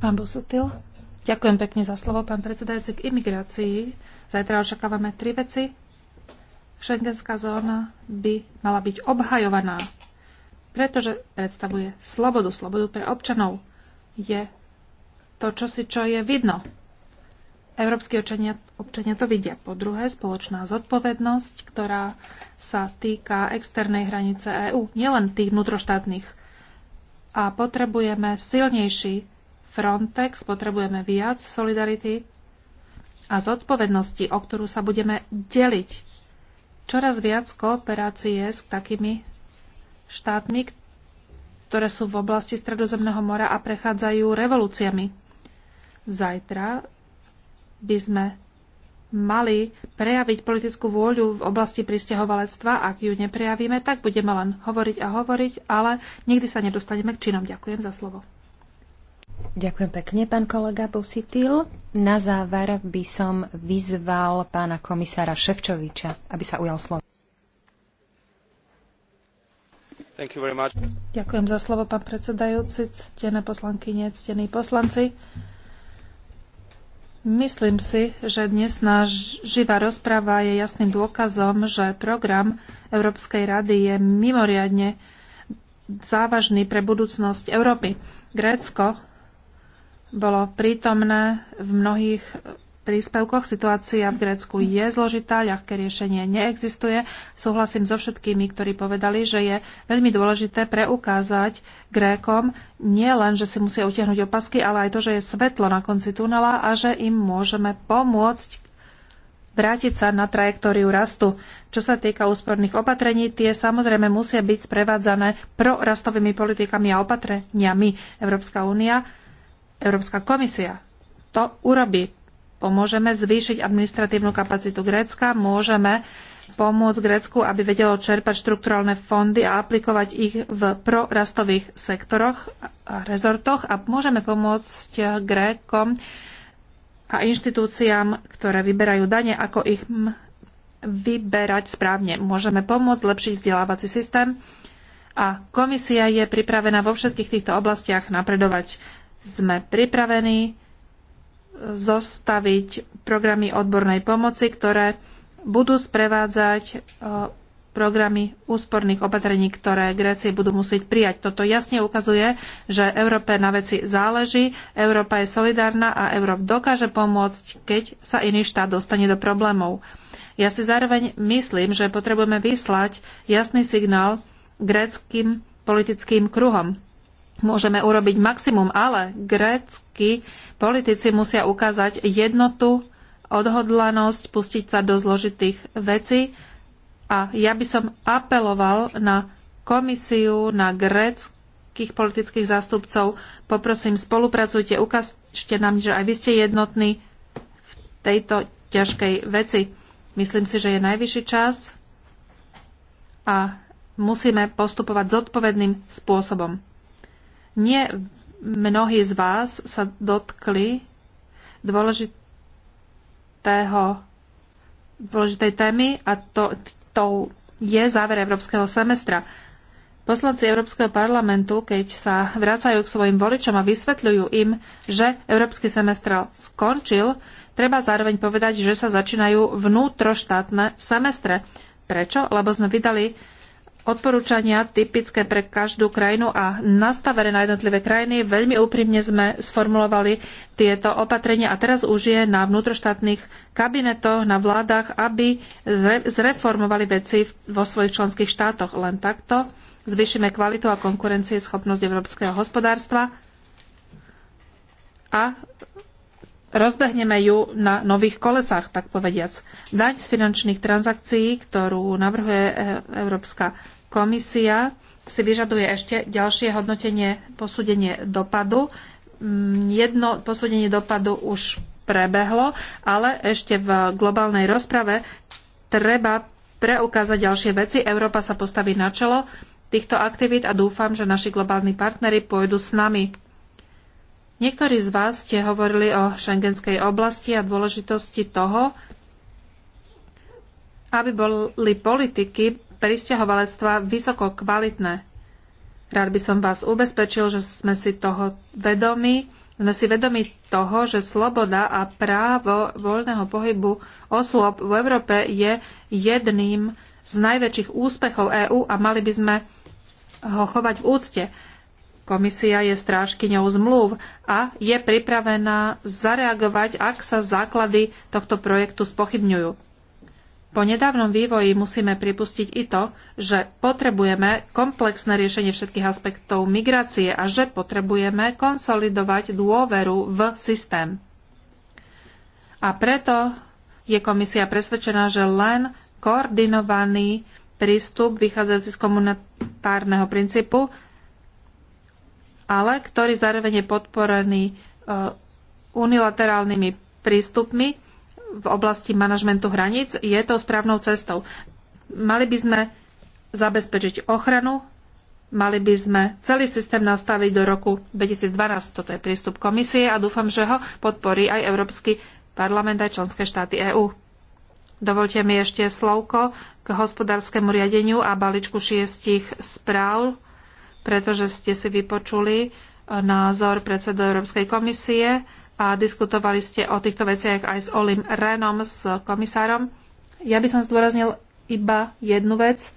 Pán Busutil, ďakujem pekne za slovo, pán predsedajúci. K imigrácii zajtra očakávame tri veci. Schengenská zóna by mala byť obhajovaná, pretože predstavuje slobodu, slobodu pre občanov. Je to čo si čo je vidno. Európsky občania, občania to vidia. Po druhé, spoločná zodpovednosť, ktorá sa týka externej hranice EÚ, nielen tých vnútroštátnych. A potrebujeme silnejší Frontex, potrebujeme viac solidarity a zodpovednosti, o ktorú sa budeme deliť. Čoraz viac kooperácie s takými štátmi, ktoré sú v oblasti Stredozemného mora a prechádzajú revolúciami Zajtra by sme mali prejaviť politickú vôľu v oblasti pristahovalectva. Ak ju neprejavíme, tak budeme len hovoriť a hovoriť, ale nikdy sa nedostaneme k činom. Ďakujem za slovo. Ďakujem pekne, pán kolega Busitil. Na záver by som vyzval pána komisára Ševčoviča, aby sa ujal slovo. Ďakujem za slovo, pán predsedajúci, ctené poslankyne, ctení poslanci. Myslím si, že dnes náš živá rozpráva je jasným dôkazom, že program Európskej rady je mimoriadne závažný pre budúcnosť Európy. Grécko bolo prítomné v mnohých príspevkoch. Situácia v Grécku je zložitá, ľahké riešenie neexistuje. Súhlasím so všetkými, ktorí povedali, že je veľmi dôležité preukázať Grékom nie len, že si musia utiahnuť opasky, ale aj to, že je svetlo na konci tunela a že im môžeme pomôcť vrátiť sa na trajektóriu rastu. Čo sa týka úsporných opatrení, tie samozrejme musia byť sprevádzané prorastovými politikami a opatreniami. Európska únia, Európska komisia to urobí pomôžeme zvýšiť administratívnu kapacitu Grécka, môžeme pomôcť Grécku, aby vedelo čerpať štrukturálne fondy a aplikovať ich v prorastových sektoroch a rezortoch a môžeme pomôcť Grékom a inštitúciám, ktoré vyberajú dane, ako ich vyberať správne. Môžeme pomôcť lepšiť vzdelávací systém a komisia je pripravená vo všetkých týchto oblastiach napredovať. Sme pripravení zostaviť programy odbornej pomoci, ktoré budú sprevádzať e, programy úsporných opatrení, ktoré Grécie budú musieť prijať. Toto jasne ukazuje, že Európe na veci záleží, Európa je solidárna a Európa dokáže pomôcť, keď sa iný štát dostane do problémov. Ja si zároveň myslím, že potrebujeme vyslať jasný signál gréckým politickým kruhom. Môžeme urobiť maximum, ale grécky Politici musia ukázať jednotu, odhodlanosť, pustiť sa do zložitých vecí a ja by som apeloval na komisiu, na gréckých politických zástupcov. Poprosím, spolupracujte, ukážte nám, že aj vy ste jednotní v tejto ťažkej veci. Myslím si, že je najvyšší čas a musíme postupovať zodpovedným spôsobom. Nie mnohí z vás sa dotkli dôležitého, dôležitej témy a to, to je záver Európskeho semestra. Poslanci Európskeho parlamentu, keď sa vracajú k svojim voličom a vysvetľujú im, že Európsky semestr skončil, treba zároveň povedať, že sa začínajú vnútroštátne semestre. Prečo? Lebo sme vydali odporúčania typické pre každú krajinu a nastavené na jednotlivé krajiny. Veľmi úprimne sme sformulovali tieto opatrenia a teraz už je na vnútroštátnych kabinetoch, na vládach, aby zreformovali veci vo svojich členských štátoch. Len takto zvýšime kvalitu a konkurencieschopnosť európskeho hospodárstva a rozbehneme ju na nových kolesách, tak povediac. Daň z finančných transakcií, ktorú navrhuje e, Európska komisia, si vyžaduje ešte ďalšie hodnotenie, posúdenie dopadu. Mm, jedno posúdenie dopadu už prebehlo, ale ešte v globálnej rozprave treba preukázať ďalšie veci. Európa sa postaví na čelo týchto aktivít a dúfam, že naši globálni partnery pôjdu s nami Niektorí z vás ste hovorili o šengenskej oblasti a dôležitosti toho, aby boli politiky pristahovalectva vysoko kvalitné. Rád by som vás ubezpečil, že sme si toho vedomi, sme si vedomi toho, že sloboda a právo voľného pohybu osôb v Európe je jedným z najväčších úspechov EÚ a mali by sme ho chovať v úcte. Komisia je strážkyňou zmluv a je pripravená zareagovať, ak sa základy tohto projektu spochybňujú. Po nedávnom vývoji musíme pripustiť i to, že potrebujeme komplexné riešenie všetkých aspektov migrácie a že potrebujeme konsolidovať dôveru v systém. A preto je komisia presvedčená, že len koordinovaný prístup vychádzajúci z komunitárneho princípu ale ktorý zároveň je podporený e, unilaterálnymi prístupmi v oblasti manažmentu hraníc, je tou správnou cestou. Mali by sme zabezpečiť ochranu, mali by sme celý systém nastaviť do roku 2012. Toto je prístup komisie a dúfam, že ho podporí aj Európsky parlament aj členské štáty EÚ. Dovolte mi ešte slovko k hospodárskemu riadeniu a balíčku šiestich správ pretože ste si vypočuli e, názor predsedu Európskej komisie a diskutovali ste o týchto veciach aj s Olim Renom, s komisárom. Ja by som zdôraznil iba jednu vec.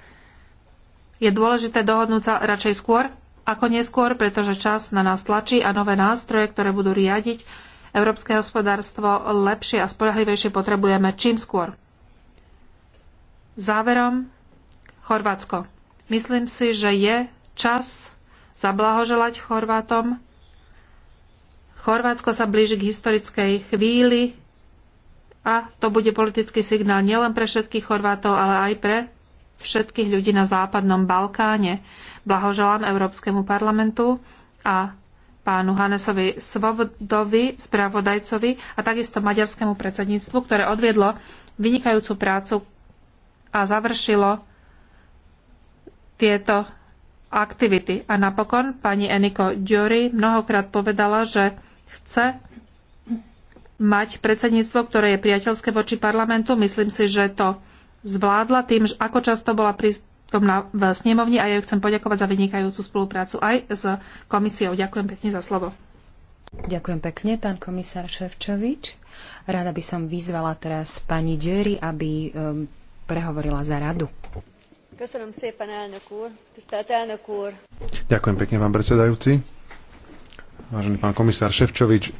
Je dôležité dohodnúť sa radšej skôr ako neskôr, pretože čas na nás tlačí a nové nástroje, ktoré budú riadiť európske hospodárstvo lepšie a spolahlivejšie potrebujeme čím skôr. Záverom Chorvátsko. Myslím si, že je čas zablahoželať Chorvátom. Chorvátsko sa blíži k historickej chvíli a to bude politický signál nielen pre všetkých Chorvátov, ale aj pre všetkých ľudí na západnom Balkáne. Blahoželám Európskemu parlamentu a pánu Hanesovi Svobodovi, spravodajcovi a takisto maďarskému predsedníctvu, ktoré odviedlo vynikajúcu prácu a završilo tieto aktivity. A napokon pani Eniko Diori mnohokrát povedala, že chce mať predsedníctvo, ktoré je priateľské voči parlamentu. Myslím si, že to zvládla tým, ako často bola prítomná v snemovni a ja ju chcem poďakovať za vynikajúcu spoluprácu aj s komisiou. Ďakujem pekne za slovo. Ďakujem pekne, pán komisár Ševčovič. Rada by som vyzvala teraz pani Diori, aby ehm, prehovorila za radu. Ďakujem pekne vám, predsedajúci. Vážený pán komisár Ševčovič,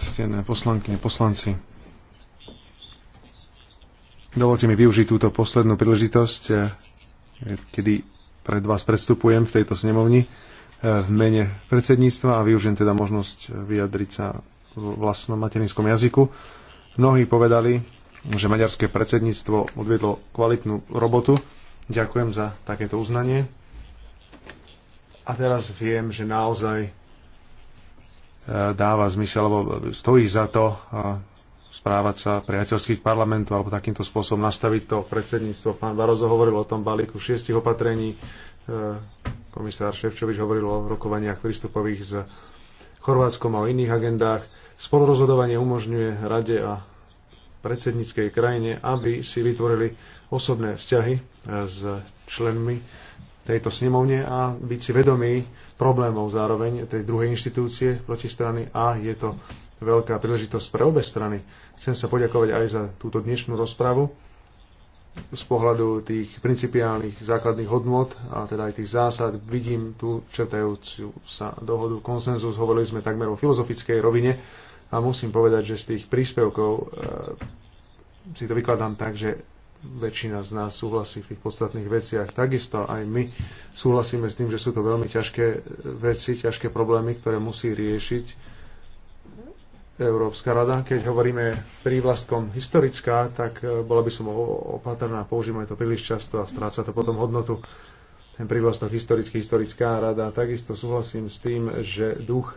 stené poslankyne, poslanci. Dovolte mi využiť túto poslednú príležitosť, eh, kedy pred vás predstupujem v tejto snemovni eh, v mene predsedníctva a využijem teda možnosť vyjadriť sa v vlastnom materinskom jazyku. Mnohí povedali, že maďarské predsedníctvo odvedlo kvalitnú robotu Ďakujem za takéto uznanie. A teraz viem, že naozaj e, dáva zmysel, lebo stojí za to e, správať sa priateľských parlamentu alebo takýmto spôsobom nastaviť to predsedníctvo. Pán Barozo hovoril o tom balíku šiestich opatrení, e, komisár Ševčovič hovoril o rokovaniach prístupových s Chorvátskom a o iných agendách. Spolorozhodovanie umožňuje Rade a predsedníckej krajine, aby si vytvorili osobné vzťahy eh, s členmi tejto snemovne a byť si vedomí problémov zároveň tej druhej inštitúcie protistrany a je to veľká príležitosť pre obe strany. Chcem sa poďakovať aj za túto dnešnú rozpravu z pohľadu tých principiálnych základných hodnot a teda aj tých zásad vidím tú čertajúcu sa dohodu, konsenzus, hovorili sme takmer o filozofickej rovine, a musím povedať, že z tých príspevkov e, si to vykladám tak, že väčšina z nás súhlasí v tých podstatných veciach. Takisto aj my súhlasíme s tým, že sú to veľmi ťažké e, veci, ťažké problémy, ktoré musí riešiť Európska rada. Keď hovoríme prívlastkom historická, tak e, bola by som opatrná, používame to príliš často a stráca to potom hodnotu. Ten prívlastok historický, historická rada. Takisto súhlasím s tým, že duch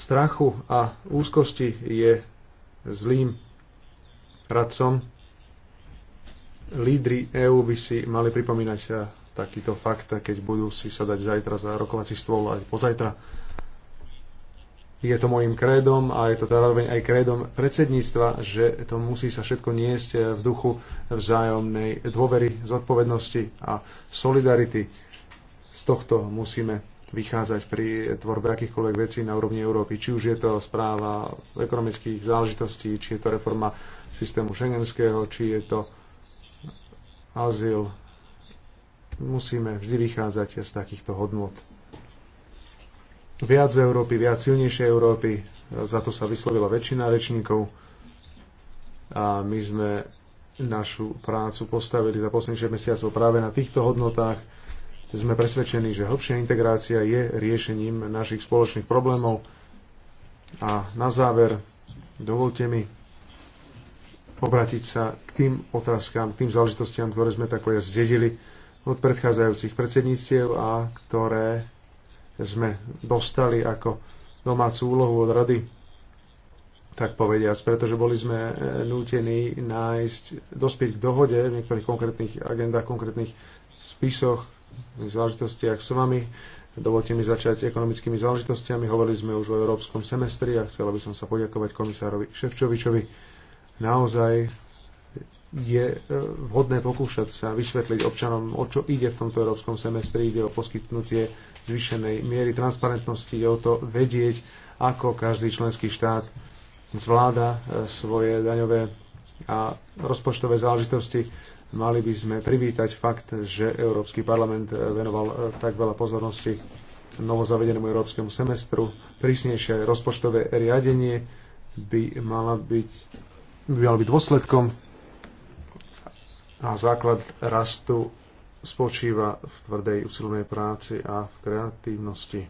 strachu a úzkosti je zlým radcom. Lídry EÚ by si mali pripomínať eh, takýto fakt, keď budú si sa dať zajtra za rokovací stôl aj pozajtra. Je to môjim krédom a je to zároveň aj krédom predsedníctva, že to musí sa všetko niesť eh, v duchu vzájomnej dôvery, zodpovednosti a solidarity. Z tohto musíme vychádzať pri tvorbe akýchkoľvek vecí na úrovni Európy. Či už je to správa ekonomických záležitostí, či je to reforma systému šengenského, či je to azyl. Musíme vždy vychádzať z takýchto hodnot. Viac Európy, viac silnejšej Európy, za to sa vyslovila väčšina rečníkov a my sme našu prácu postavili za posledných mesiacov práve na týchto hodnotách sme presvedčení, že hĺbšia integrácia je riešením našich spoločných problémov. A na záver, dovolte mi obratiť sa k tým otázkam, k tým záležitostiam, ktoré sme tak povedať zdedili od predchádzajúcich predsedníctiev a ktoré sme dostali ako domácu úlohu od rady, tak povediac, pretože boli sme e, nútení nájsť, dospieť k dohode v niektorých konkrétnych agendách, konkrétnych spisoch, záležitostiach s vami. Dovolte mi začať s ekonomickými záležitostiami. Hovorili sme už o európskom semestri a chcel by som sa poďakovať komisárovi Ševčovičovi. Naozaj je e, vhodné pokúšať sa vysvetliť občanom, o čo ide v tomto európskom semestri. Ide o poskytnutie zvýšenej miery transparentnosti, ide o to vedieť, ako každý členský štát zvláda e, svoje daňové a rozpočtové záležitosti Mali by sme privítať fakt, že Európsky parlament eh, venoval eh, tak veľa pozornosti novozavedenému európskemu semestru. Prísnejšie rozpočtové riadenie by, mala byť, by malo byť dôsledkom a základ rastu spočíva v tvrdej usilovnej práci a v kreatívnosti.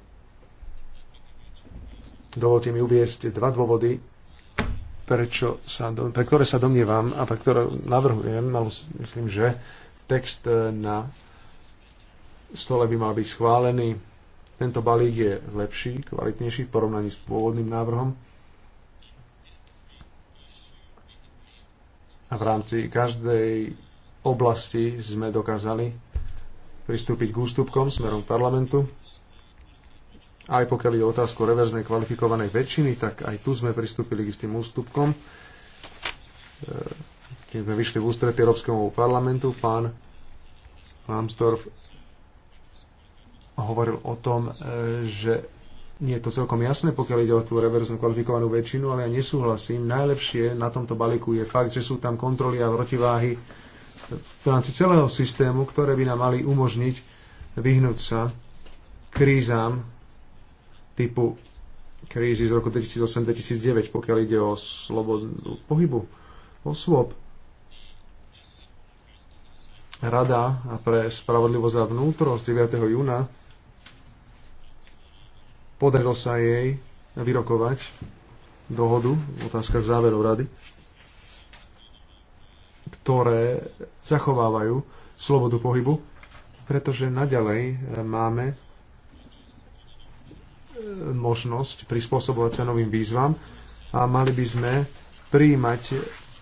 Dovolte mi uviesť dva dôvody, prečo sa, pre ktoré sa domnievam a pre ktoré navrhujem, ale myslím, že text e, na stole by mal byť schválený. Tento balík je lepší, kvalitnejší v porovnaní s pôvodným návrhom. A v rámci každej oblasti sme dokázali pristúpiť k ústupkom smerom parlamentu. Aj pokiaľ je otázku reverznej kvalifikovanej väčšiny, tak aj tu sme pristúpili k istým ústupkom. E, keď sme vyšli v ústretie Európskemu parlamentu, pán Lambsdorff hovoril o tom, e, že nie je to celkom jasné, pokiaľ ide o tú reverznú kvalifikovanú väčšinu, ale ja nesúhlasím. Najlepšie na tomto balíku je fakt, že sú tam kontroly a protiváhy v rámci celého systému, ktoré by nám mali umožniť vyhnúť sa krízam, typu krízy z roku 2008-2009, pokiaľ ide o slobodu pohybu osôb. Rada pre spravodlivosť a vnútro z 9. júna podarilo sa jej vyrokovať dohodu v otázkach záverov rady, ktoré zachovávajú slobodu pohybu, pretože naďalej máme možnosť prispôsobovať sa novým výzvam a mali by sme prijímať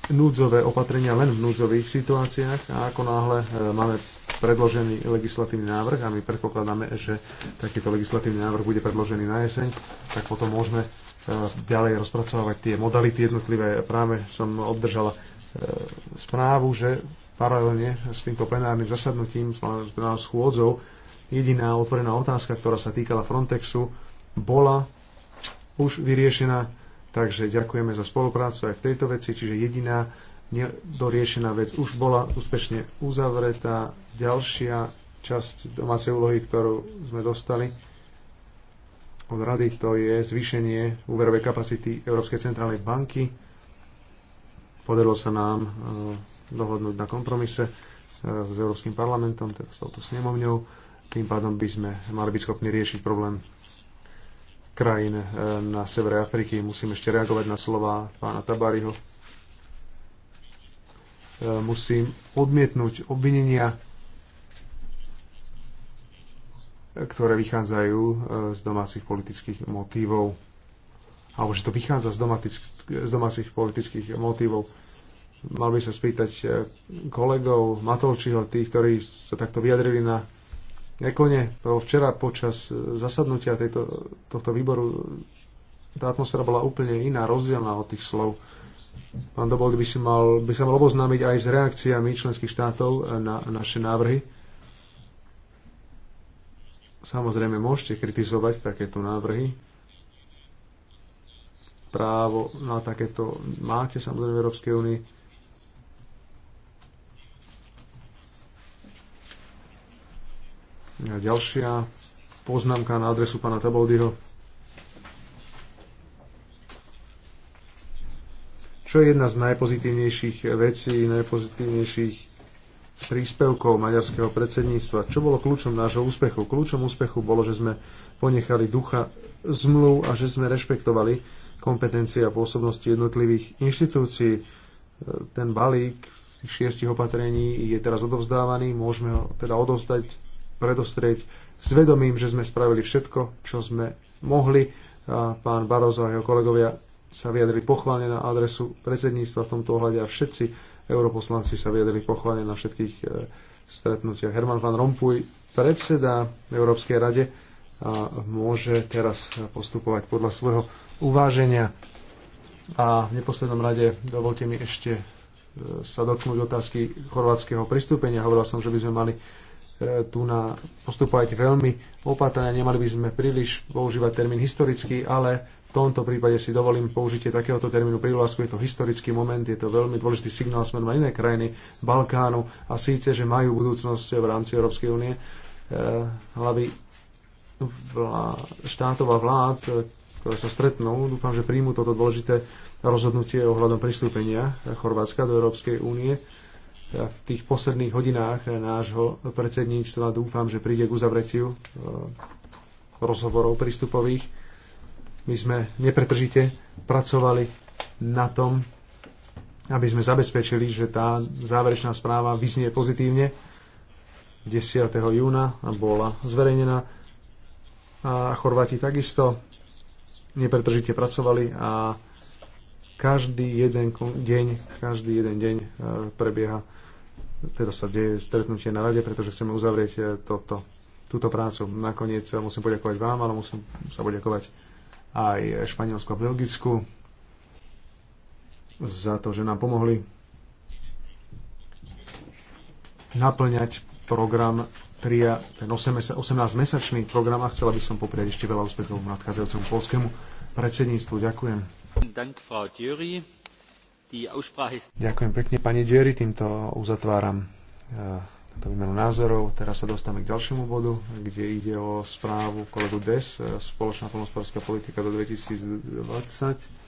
núdzové opatrenia len v núdzových situáciách a ako náhle e, máme predložený legislatívny návrh a my predpokladáme, že takýto legislatívny návrh bude predložený na jeseň, tak potom môžeme e, ďalej rozpracovať tie modality jednotlivé. Práve som obdržala e, správu, že paralelne s týmto plenárnym zasadnutím, s plenárnou schôdzou, jediná otvorená otázka, ktorá sa týkala Frontexu, bola už vyriešená, takže ďakujeme za spoluprácu aj v tejto veci, čiže jediná doriešená vec už bola úspešne uzavretá. Ďalšia časť domácej úlohy, ktorú sme dostali od rady, to je zvýšenie úverovej kapacity Európskej centrálnej banky. Podarilo sa nám e, dohodnúť na kompromise e, s Európskym parlamentom, teda s touto snemovňou. Tým pádom by sme mali byť schopní riešiť problém krajín eh, na severe Afriky. Musím ešte reagovať na slova pána Tabariho. Eh, musím odmietnúť obvinenia, ktoré vychádzajú eh, z domácich politických motívov. Alebo že to vychádza z, domatic, z domácich politických motívov. Mal by sa spýtať kolegov Matolčiho, tých, ktorí sa takto vyjadrili na Nekone, včera počas e, zasadnutia tejto, tohto výboru tá atmosféra bola úplne iná, rozdielna od tých slov. Pán Dobol, by, si mal, by sa mal oboznámiť aj s reakciami členských štátov e, na naše návrhy. Samozrejme, môžete kritizovať takéto návrhy. Právo na takéto máte samozrejme v Európskej únii Ďalšia poznámka na adresu pána Tabaudyho. Čo je jedna z najpozitívnejších vecí, najpozitívnejších príspevkov maďarského predsedníctva? Čo bolo kľúčom nášho úspechu? Kľúčom úspechu bolo, že sme ponechali ducha zmluv a že sme rešpektovali kompetencie a pôsobnosti jednotlivých inštitúcií. Ten balík tých šiestich opatrení je teraz odovzdávaný, môžeme ho teda odovzdať predostrieť s vedomím, že sme spravili všetko, čo sme mohli. A pán Barozo a jeho kolegovia sa vyjadrili pochválne na adresu predsedníctva v tomto ohľade a všetci europoslanci sa vyjadrili pochválne na všetkých e, stretnutiach. Herman van Rompuy predseda Európskej rade a môže teraz postupovať podľa svojho uváženia. A v neposlednom rade dovolte mi ešte e, sa dotknúť otázky chorvátskeho pristúpenia. Hovoril som, že by sme mali tu na postupovať veľmi opatrne. Nemali by sme príliš používať termín historický, ale v tomto prípade si dovolím použitie takéhoto termínu prívlasku. Je to historický moment, je to veľmi dôležitý signál smerom na iné krajiny Balkánu a síce, že majú budúcnosť v rámci Európskej únie eh, hlavy štátov a vlád, ktoré sa stretnú. Dúfam, že príjmu toto dôležité rozhodnutie ohľadom pristúpenia Chorvátska do Európskej únie v tých posledných hodinách nášho predsedníctva dúfam, že príde k uzavretiu e, rozhovorov prístupových. My sme nepretržite pracovali na tom, aby sme zabezpečili, že tá záverečná správa vyznie pozitívne. 10. júna bola zverejnená a Chorváti takisto nepretržite pracovali a každý jeden deň, každý jeden deň e, prebieha, teda sa deje stretnutie na rade, pretože chceme uzavrieť e, toto, túto prácu. Nakoniec e, musím poďakovať vám, ale musím sa poďakovať aj Španielsku a Belgicku za to, že nám pomohli naplňať program tria, ten 18-mesačný program a chcela by som poprieť ešte veľa úspechov nadchádzajúcemu polskému predsedníctvu. Ďakujem. Ďakujem pekne, pani Diery. Týmto uzatváram e, túto výmenu názorov. Teraz sa dostávame k ďalšiemu bodu, kde ide o správu kolegu DES, e, spoločná polnospodárska politika do 2020.